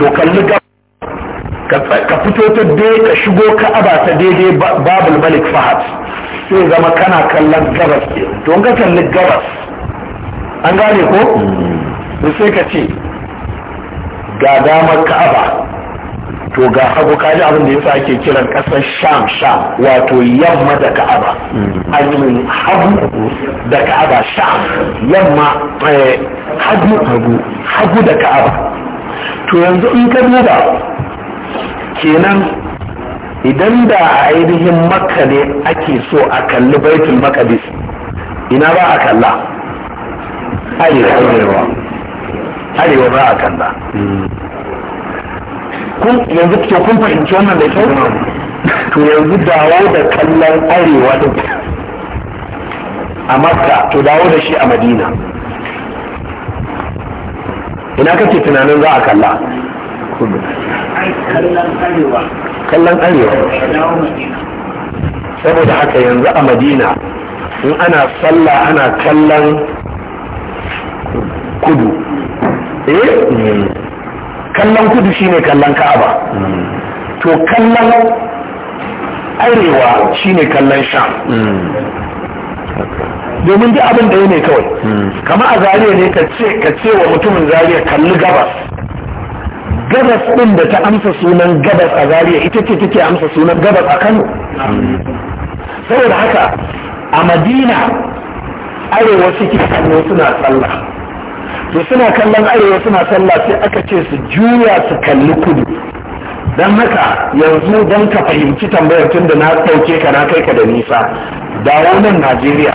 to kalli ka fito ta dai ka shigo ka'aba ta daidai babul malik fahad sai zama kana kallon gabas ke don ka kalli gabas an gane ko da hmm. sai ka ce ga damar ka'aba to ga hagu kaji abin da yasa ake kiran kasar sham sham wato yamma da ka'aba hmm. ainihin hagu da ka'aba sham yamma eh, hagu hagu da ka'aba to yanzu in ka duba kenan idan da a ainihin maka ne ake so a kalli baitul maqdis ina ba a kalla arewa arewa ba a kan ba yanzu ke kun fahimci wannan da kyau to yanzu dawo da kallon arewa din a makka to dawo da shi a madina ina kake tunanin za a kalla kallon arewa saboda haka yanzu a madina in ana sallah ana kallon kudu eh kallon kudu shine kallon ka'aba to kallon arewa shine kallon sham domin duk abin da ya ne kawai kama a zariya ne ka ce wa mutumin zariya kalli gabas gabas ɗin da ta amsa sunan gabas a zariya ita ce take amsa sunan gabas a kano saboda haka a madina arewa suke kano suna tsalla to suna kallon arewa suna sallah sai aka ce su juya su kalli kudu don haka yanzu don ka fahimci tambayar tun da na ɗauke ka na kai ka da nisa dawo nan najeriya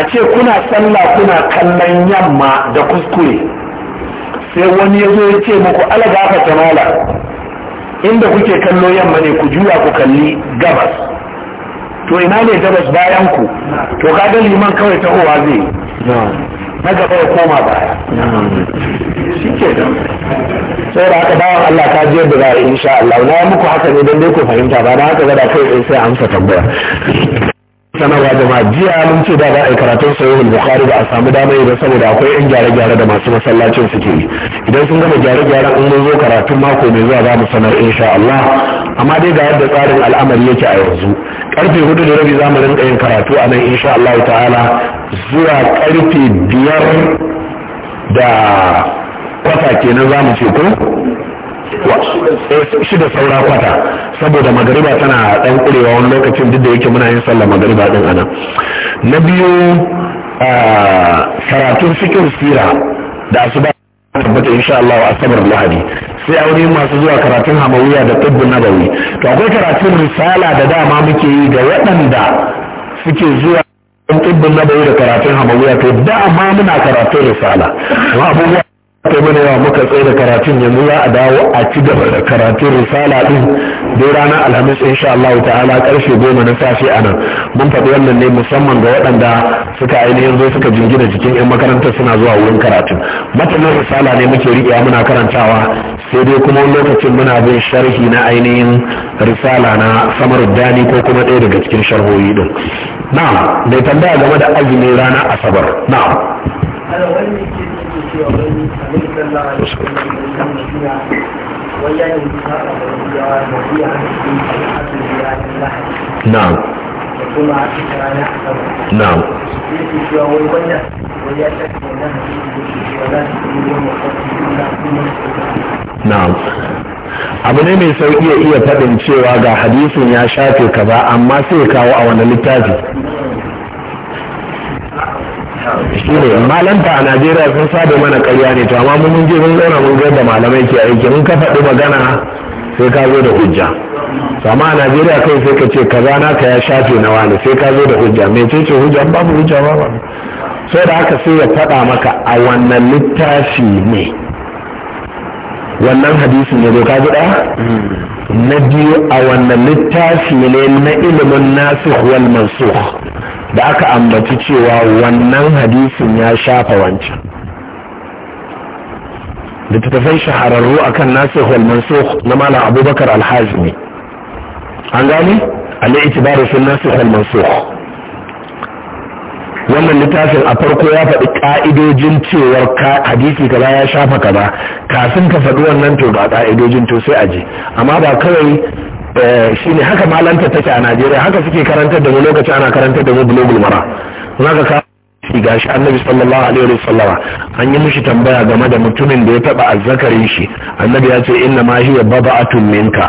a ce kuna sallah kuna kallon yamma da kuskure sai wani ya zo ya ce muku alagafa tamala inda kuke kallo yamma ne ku juya ku kalli gabas to ina ne gabas bayan ku to ga liman kawai tahowa zai na gaba ya koma baya shi ke haka bawan Allah ta je da zai insha Allah na muku haka ne don dai ku fahimta ba na haka gada kai tsaye sai amsa tambaya sanarwa jama'a jiya mun ce da za a yi karatun sahihul bukhari ba a samu dama ba saboda akwai yan gyare-gyare da masu masallacin suke yi idan sun gama gyare-gyaren in mun zo karatun mako mai zuwa za mu sanar insha Allah amma dai ga yadda tsarin al'amari yake a yanzu karfe hudu da rabi za mu rinka yin karatu a nan insha Allah ta'ala zuwa karfe biyar da kwata kenan za mu ce ko shida saura kwata saboda magariba tana dan kurewa wani lokacin duk da yake muna yin sallah magariba din ana na biyu karatun fikin sira da asuba tabbata insha Allah wa sabar lahadi sai aure masu zuwa karatun hamawiya da tibbin nabawi to akwai karatun risala da dama muke yi ga waɗanda suke zuwa tibbin nabawi da karatun hamawiya to dama muna karatun risala abubuwa ta mana yawa muka tsaye da karatun yanzu za a dawo a ci gaba da karatun risala ɗin, dai ranar alhamis insha Allah ta'ala karshe goma na safe a nan mun faɗi wannan ne musamman ga waɗanda suka ainihin zo suka jingina jikin 'yan makarantar suna zuwa wurin karatun matanin risala ne muke riƙewa muna karantawa sai dai kuma lokacin muna bin sharhi na ainihin risala na samar dani ko kuma ɗaya daga cikin sharhohi ɗin. Na. mai tambaya game da azumin ranar asabar Na. na'am na'am na'am abu ne mai sauƙi ya iya faɗin cewa ga hadisin ya shafe ba amma sai kawo a wani littafi shi ne malanta a najeriya sun saba mana karya ne to amma mun je mun zauna mun ga da malamai ke aiki mun ka faɗi magana sai ka zo da hujja amma a najeriya kai sai ka ce kaza naka ya shafe na wani sai ka zo da hujja mai ce hujja babu hujja ba ba sai da haka sai ya faɗa maka a wannan littafi ne wannan hadisin ya doka ka ji ɗaya mm. na biyu a wannan littafi ne na ilimin nasikh wal mansukh da aka ambaci cewa wannan hadisin ya shafa wancan littattafai shahararru akan nasihul mansukh na malam abubakar alhazmi an gane al-i'tibaru fil nasihul mansukh wannan littafin a farko ya faɗi ƙa'idojin cewar hadisi kaza ya shafa kaza kafin ka faɗi wannan to ga ƙa'idojin to sai aje amma ba kawai eh, ne haka malanta take a Najeriya haka suke karantar da mu lokaci ana karantar da mu global mara ka ga gashi annabi sallallahu alaihi wa sallama an yi mishi tambaya game da mutumin da ya taba azzakarin shi annabi ya ce inna ma hiya baba'atun minka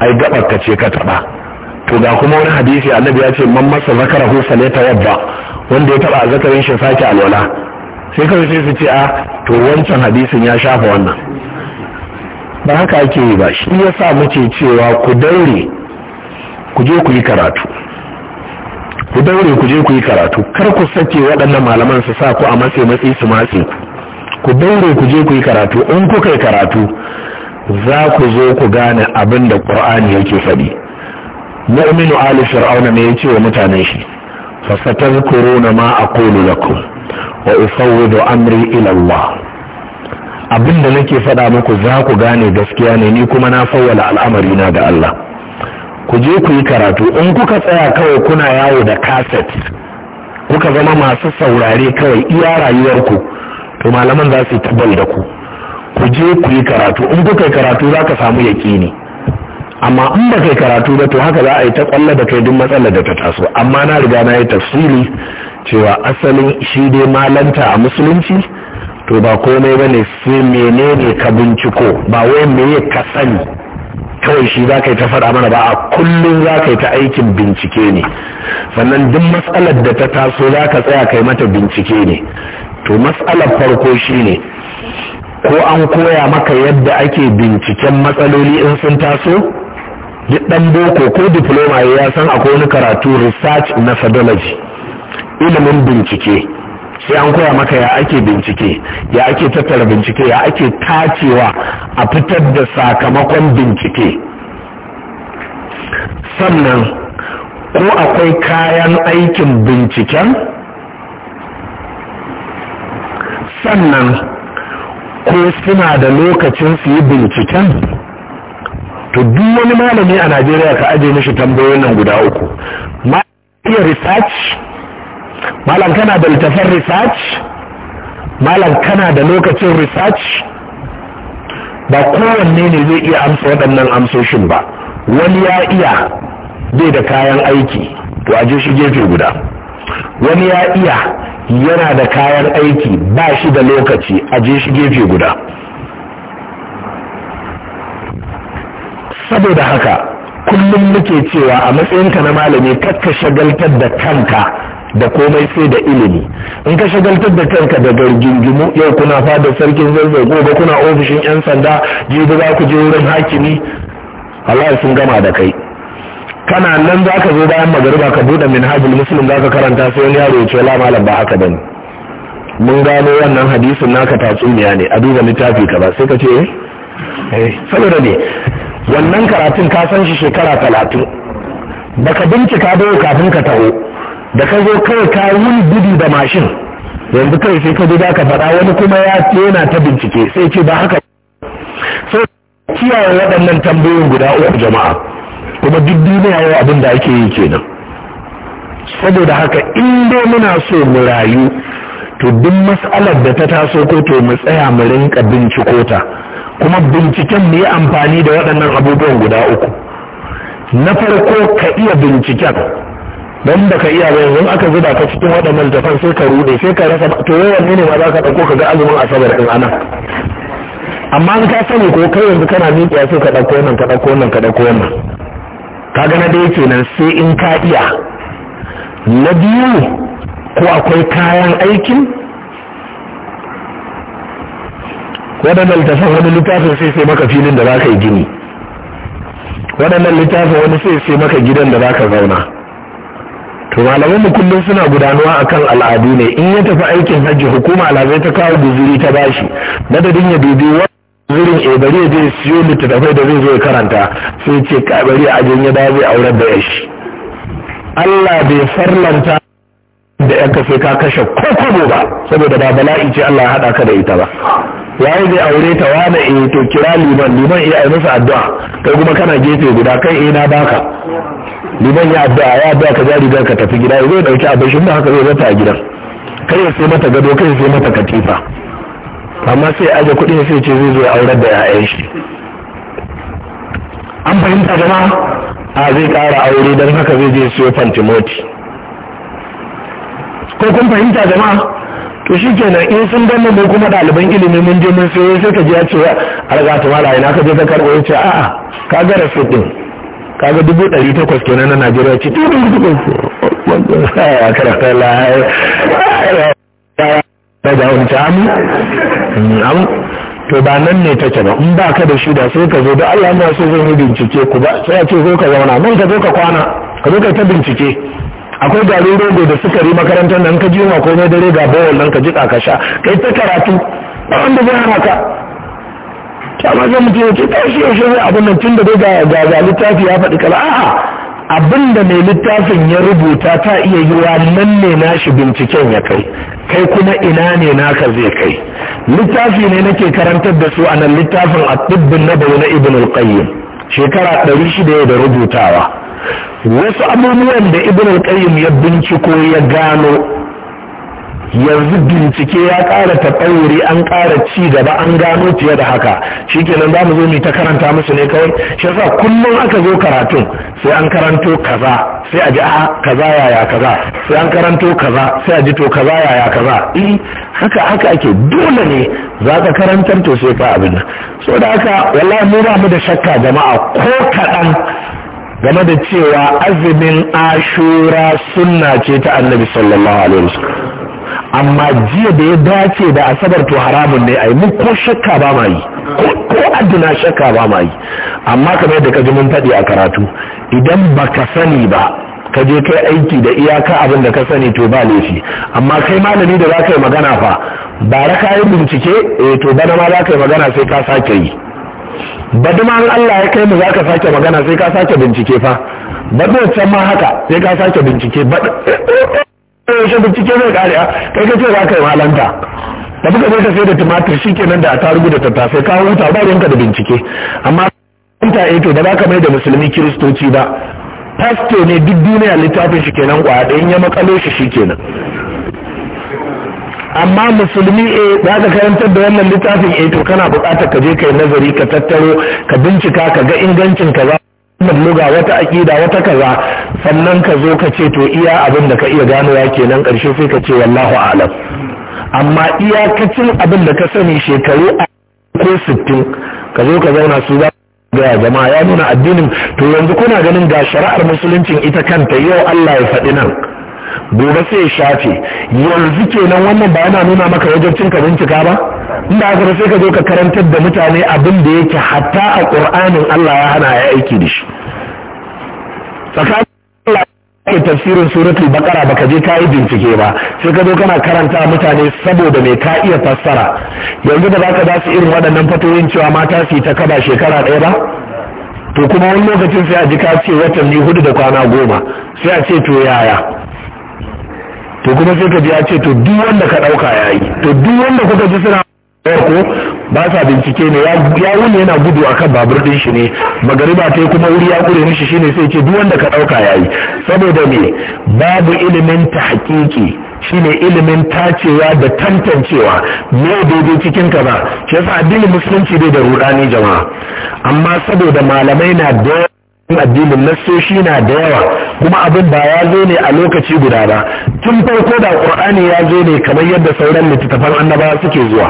ai gabar ka ce ka taba to ga kuma wani hadisi annabi ya ce man masa ta yabba wanda ya taba azzakarin shi sake alwala sai kawai sai su ce a ah, to wancan hadisin ya shafa wannan ba haka ake yi ba shi yasa muke cewa ku daure ku je ku yi karatu ku daure ku je ku yi karatu kar ku sake waɗannan malaman su sa ku a matse matsi su matse ku daure ku je ku yi karatu in kuka yi karatu za ku zo ku gane abin da ƙur'ani yake faɗi mu'minu ali fir'auna ne ya ce wa mutanen shi fasatazkuruna ma aqulu lakum wa da amri ila Allah abin da nake faɗa muku za ku gane gaskiya ne ni kuma na fawwala al'amari na da Allah ku je ku yi karatu in kuka tsaya kawai kuna yawo da kaset kuka zama masu saurare kawai iya rayuwarku to malaman za su yi tabbal da ku ku je ku yi karatu in kuka yi karatu za ka samu ne, amma in ba kai karatu ba to haka za a yi ta kwallo da kai duk matsalar da ta taso amma na riga na yi tafsiri cewa asalin shi dai malanta a musulunci to ba komai bane sai menene ka binciko ba wai meye ka sani kawai shi za ka yi ta faɗa mana ba a kullum za ka yi ta aikin bincike ne sannan duk matsalar da ta taso za ka tsaya kai mata bincike ne to matsalar farko shi ne ko an koya maka yadda ake binciken matsaloli in sun taso duk ɗan boko ko diploma ya san akwai wani karatu research methodology ilimin bincike sai an koya maka ya ake bincike ya ake tattara bincike ya ake tacewa a fitar da sakamakon bincike sannan ko akwai kayan aikin binciken sannan ko suna da lokacin su yi binciken to duk wani malami a najeriya ka aje mishi tambayoyin nan guda uku ma iya research malam kana da littafin research malam kana da lokacin research ba kowanne ne zai iya amsa waɗannan amsoshin ba wani ya iya bai da kayan aiki to a shi gefe guda wani ya iya yana da kayan aiki ba shi da lokaci aje shi gefe guda saboda haka kullum muke cewa a matsayinka na malami kakka shagaltar da kanka da komai sai da ilimi in ka shagaltar da kanka da garjinjimu yau kuna fada sarkin zarzar gobe kuna ofishin yan sanda jibi za ku je wurin hakimi Allah sun gama da kai kana nan za ka zo bayan magariba ka buɗe hajjul musulun za ka karanta sai wani yaro ya ce la malam ba haka bane mun gano wannan hadisin naka tatsuniya ne a duba littafi ka ba sai ka ce eh, eh, saboda ne wannan karatun ka san shi shekara talatin baka bincika bai kafin ka taho da ka zo kawai ka yi wuni gudu da mashin yanzu kai sai ka za ka faɗa wani kuma ya yana ta bincike sai ce ba haka so kiyaye waɗannan tambayoyin guda uku jama'a kuma duk duniya yau abin da ake yi kenan saboda haka in dai muna so mu rayu to duk mas'alar da ta taso ko to mu tsaya mu rinka binciko ta kuma binciken mu yi amfani da waɗannan abubuwan guda uku na farko ka iya binciken don ka iya bayan zan aka zuba ka cikin waɗannan littafan sai ka rude sai ka rasa to wanne ne ma za ka ɗauko ka ga azumin asabar ɗin ana amma in ka sani ko kai yanzu kana miƙiya sai ka ɗauko wannan ka ɗauko wannan ka ɗauko wannan ka gana da yake nan sai in ka iya na biyu ko akwai kayan aikin waɗannan littafin wani littafin sai sai maka filin da za ka yi gini waɗannan littafin wani sai sai maka gidan da za ka zauna to malaman mu kullum suna gudanuwa akan al'adu ne in ya tafi aikin hajji hukuma alhazai ta kawo guzuri ta bashi madadin ya dubi guzurin a eh, bari ya je siyo littattafai da zai zo ya karanta sai ce ka bari a ya ba zai aurar da yashi Allah bai farlanta da yanka sai ka kashe ko ba saboda ba bala'i ce Allah haɗa ka da ita ba waye zai aure ta wane eh to kira liman liman iya eh, yi masa addu'a kai kuma kana gefe guda kai ina eh, baka liman ya addu'a ya addu'a ka jari ka tafi gida ya zai dauki abin shi ba haka zai zata a gidan kai ya sai mata gado kai ya sai mata katifa amma sai aje kuɗi sai ce zai zo ya aurar da 'ya'yan shi an fahimta jama'a a zai ƙara aure don haka zai je siyo fantimoti ko kun fahimta jama'a to shi nan in sun danna mu kuma ɗaliban ilimi mun je mun siyo sai ka ji ya ce a riga ta mala ina ka je ka karɓo ya ce a'a ka ga rasu ɗin kaga dubu ɗari takwas kenan na najeriya ce dubu dubu a wancan mm, to ba nan ne ta ba in ba ka da shi da sai ka zo da allah ya so zan yi bincike ku ba sai a ce zo ka zauna nan ka zo ka kwana ka zo ka ta bincike akwai garin rogo da sukari makarantar nan ka ji ma komai dare ga bawal nan ka ji ka sha kai ta karatu ba da zai hana ka kyamar zai mutum yake ta shi yaushe ne abin nan tun da dai ga ga littafi ya faɗi kala a'a abin da mai littafin ya rubuta ta iya yiwa nan ne nashi binciken ya kai kai kuma ina ne naka zai kai littafi ne nake karantar da su a nan littafin a dubbin na na ibn al shekara ɗari shida da rubutawa wasu abubuwan da ibn al ya binciko ya gano yanzu bincike ya ƙara taɓauri an ƙara ci gaba an gano fiye da haka shi kenan za mu zo mu ta karanta musu ne kawai shi yasa kullum aka zo karatun sai an karanto kaza sai a ji a kaza yaya kaza sai an karanto kaza sai a ji to kaza yaya kaza eh haka haka ake dole ne za ka karantar to sai ka abin nan so da haka wallahi mu ba mu da shakka jama'a ko kaɗan game da cewa azumin ashura sunna ce ta annabi sallallahu alaihi wasallam amma jiya da ya dace da asabar to haramun ne ai mun ko shakka ba ma yi ko adduna shakka ba ma yi amma kamar yadda kaji mun faɗi a karatu idan baka sani ba ka je kai aiki da iyaka abin da ka sani to ba laifi amma kai malami da za ka yi magana fa ba ka yi bincike eh to bana ma za ka yi magana sai ka sake yi bada ma Allah ya kai mu za ka sake magana sai ka sake bincike fa bada can ma haka sai ka sake bincike yaushe eh, bincike zai kare a kai ka ce za ka yi malanta da buga zai tafiye da tumatir shi kenan da ta da tattasai kawo wuta ba ruwanka da bincike amma ta eto eh, da ba ka mai da musulmi kiristoci ba pasto ne duk duniya littafin shi kenan kwaya in ya makalo shi shi kenan amma musulmi e za ka karantar da wannan littafin eto kana buƙatar ka je ka yi nazari ka tattaro ka bincika ka ga ingancin ka za luga wata aƙida wata kaza sannan ka zo ka ce to iya abin da ka iya ganowa kenan ƙarshe sai ka ce wallahu alam amma iya iyakacin abin da ka sani shekaru a ko sittin ka zo ka zauna su za ga jama'a ya nuna addinin to yanzu kuna ganin ga shari'ar musuluncin ita kanta yau Allah ya faɗi nan gobe sai ya shafe yanzu kenan wannan ba yana nuna maka wajabcin ka bincika ba inda aka sai ka zo ka karantar da mutane abin da yake hatta a ƙur'anin Allah ya hana ya aiki da shi tsakanin ke tafsirin suratul baqara baka je ka yi bincike ba sai ka zo kana karanta mutane saboda mai ka iya fassara yanzu da zaka ba su irin waɗannan fatoyin cewa mata su ta kaba shekara ɗaya ba to kuma wani lokacin sai a ji ka ce watan hudu da kwana goma sai a ce to yaya to kuma sai ka ji ya ce to duk wanda ka ɗauka ya yi to duk wanda kuka ji suna ko ba sa bincike ne ya wuni yana gudu akan babur din shi ne magariba ta kuma wuri ya kure mishi shine sai ce duk wanda ka ɗauka ya yi saboda me babu ilimin ta hakiki shine ilimin tacewa da tantancewa me daidai cikin ka ba shi yasa addinin musulunci bai da rudani jama'a amma saboda malamai na da addinin nassoshi na da yawa kuma abin ba ya zo ne a lokaci guda ba tun farko da qur'ani ya zo ne kamar yadda sauran littattafan annabawa suke zuwa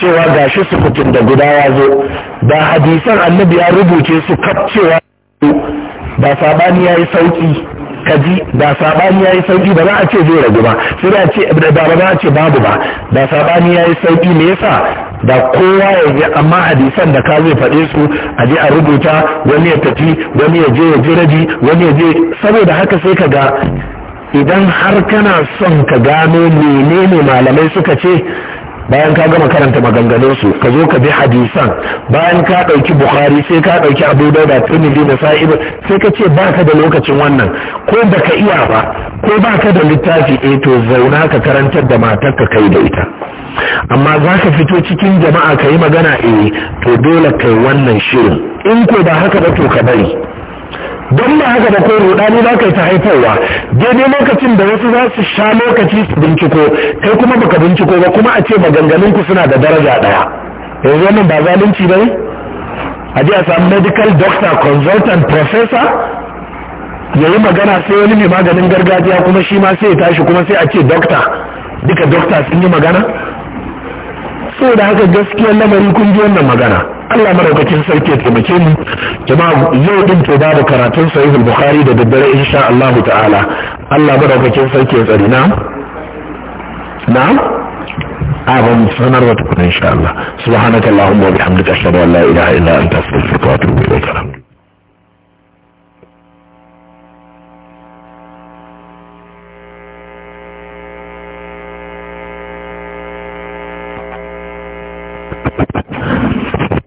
cewa ga su fitin da guda ya zo da hadisan annabi ya rubuce su kaf cewa ba sabani yi sauki kaji da sabani yayi sauki ba za a ce zai ragu ba sai da ce da ba za a ce babu ba da sabani yayi sauki me yasa da kowa ya ji amma hadisan da ka zai faɗe su a je a rubuta wani ya tafi wani ya je ya ji raji wani ya je saboda haka sai kaga idan har kana son ka gano menene malamai suka ce bayan ka gama karanta maganganun su ka zo ka bi hadisan bayan ka ɗauki bukhari sai ka ɗauki abu dauda tirmidhi da sa'ib sai ka ce ba ka da lokacin wannan ko ba ka iya ba ko ba ka da littafi eh to zauna ka karantar da matar ka kai da ita amma za ka fito cikin jama'a ka yi magana eh to dole kai wannan shirin in ko ba haka ba to ka bari don ba haka ba ko rudani za ka yi ta haifarwa daidai lokacin da wasu za su sha lokaci su binciko kai kuma baka binciko ba kuma a ce maganganun ku suna da daraja ɗaya. yanzu wannan ba zalunci ba ne a ji a samu medical doctor consultant professor ya yi magana sai wani mai maganin gargajiya kuma shi ma sai ya tashi kuma sai a ce doctor duka doctor sun yi magana saboda haka gaskiyar lamari kun ji wannan magana Allah madaukakin sarki ya taimake mu jama'a yau din to babu karatun sahih bukhari da daddare insha Allah ta'ala Allah madaukakin sarki ya tsari na na a ban sanar wa tukuna insha Allah subhanakallahumma wa bihamdika ashhadu an la ilaha illa anta astaghfiruka wa atubu ilaik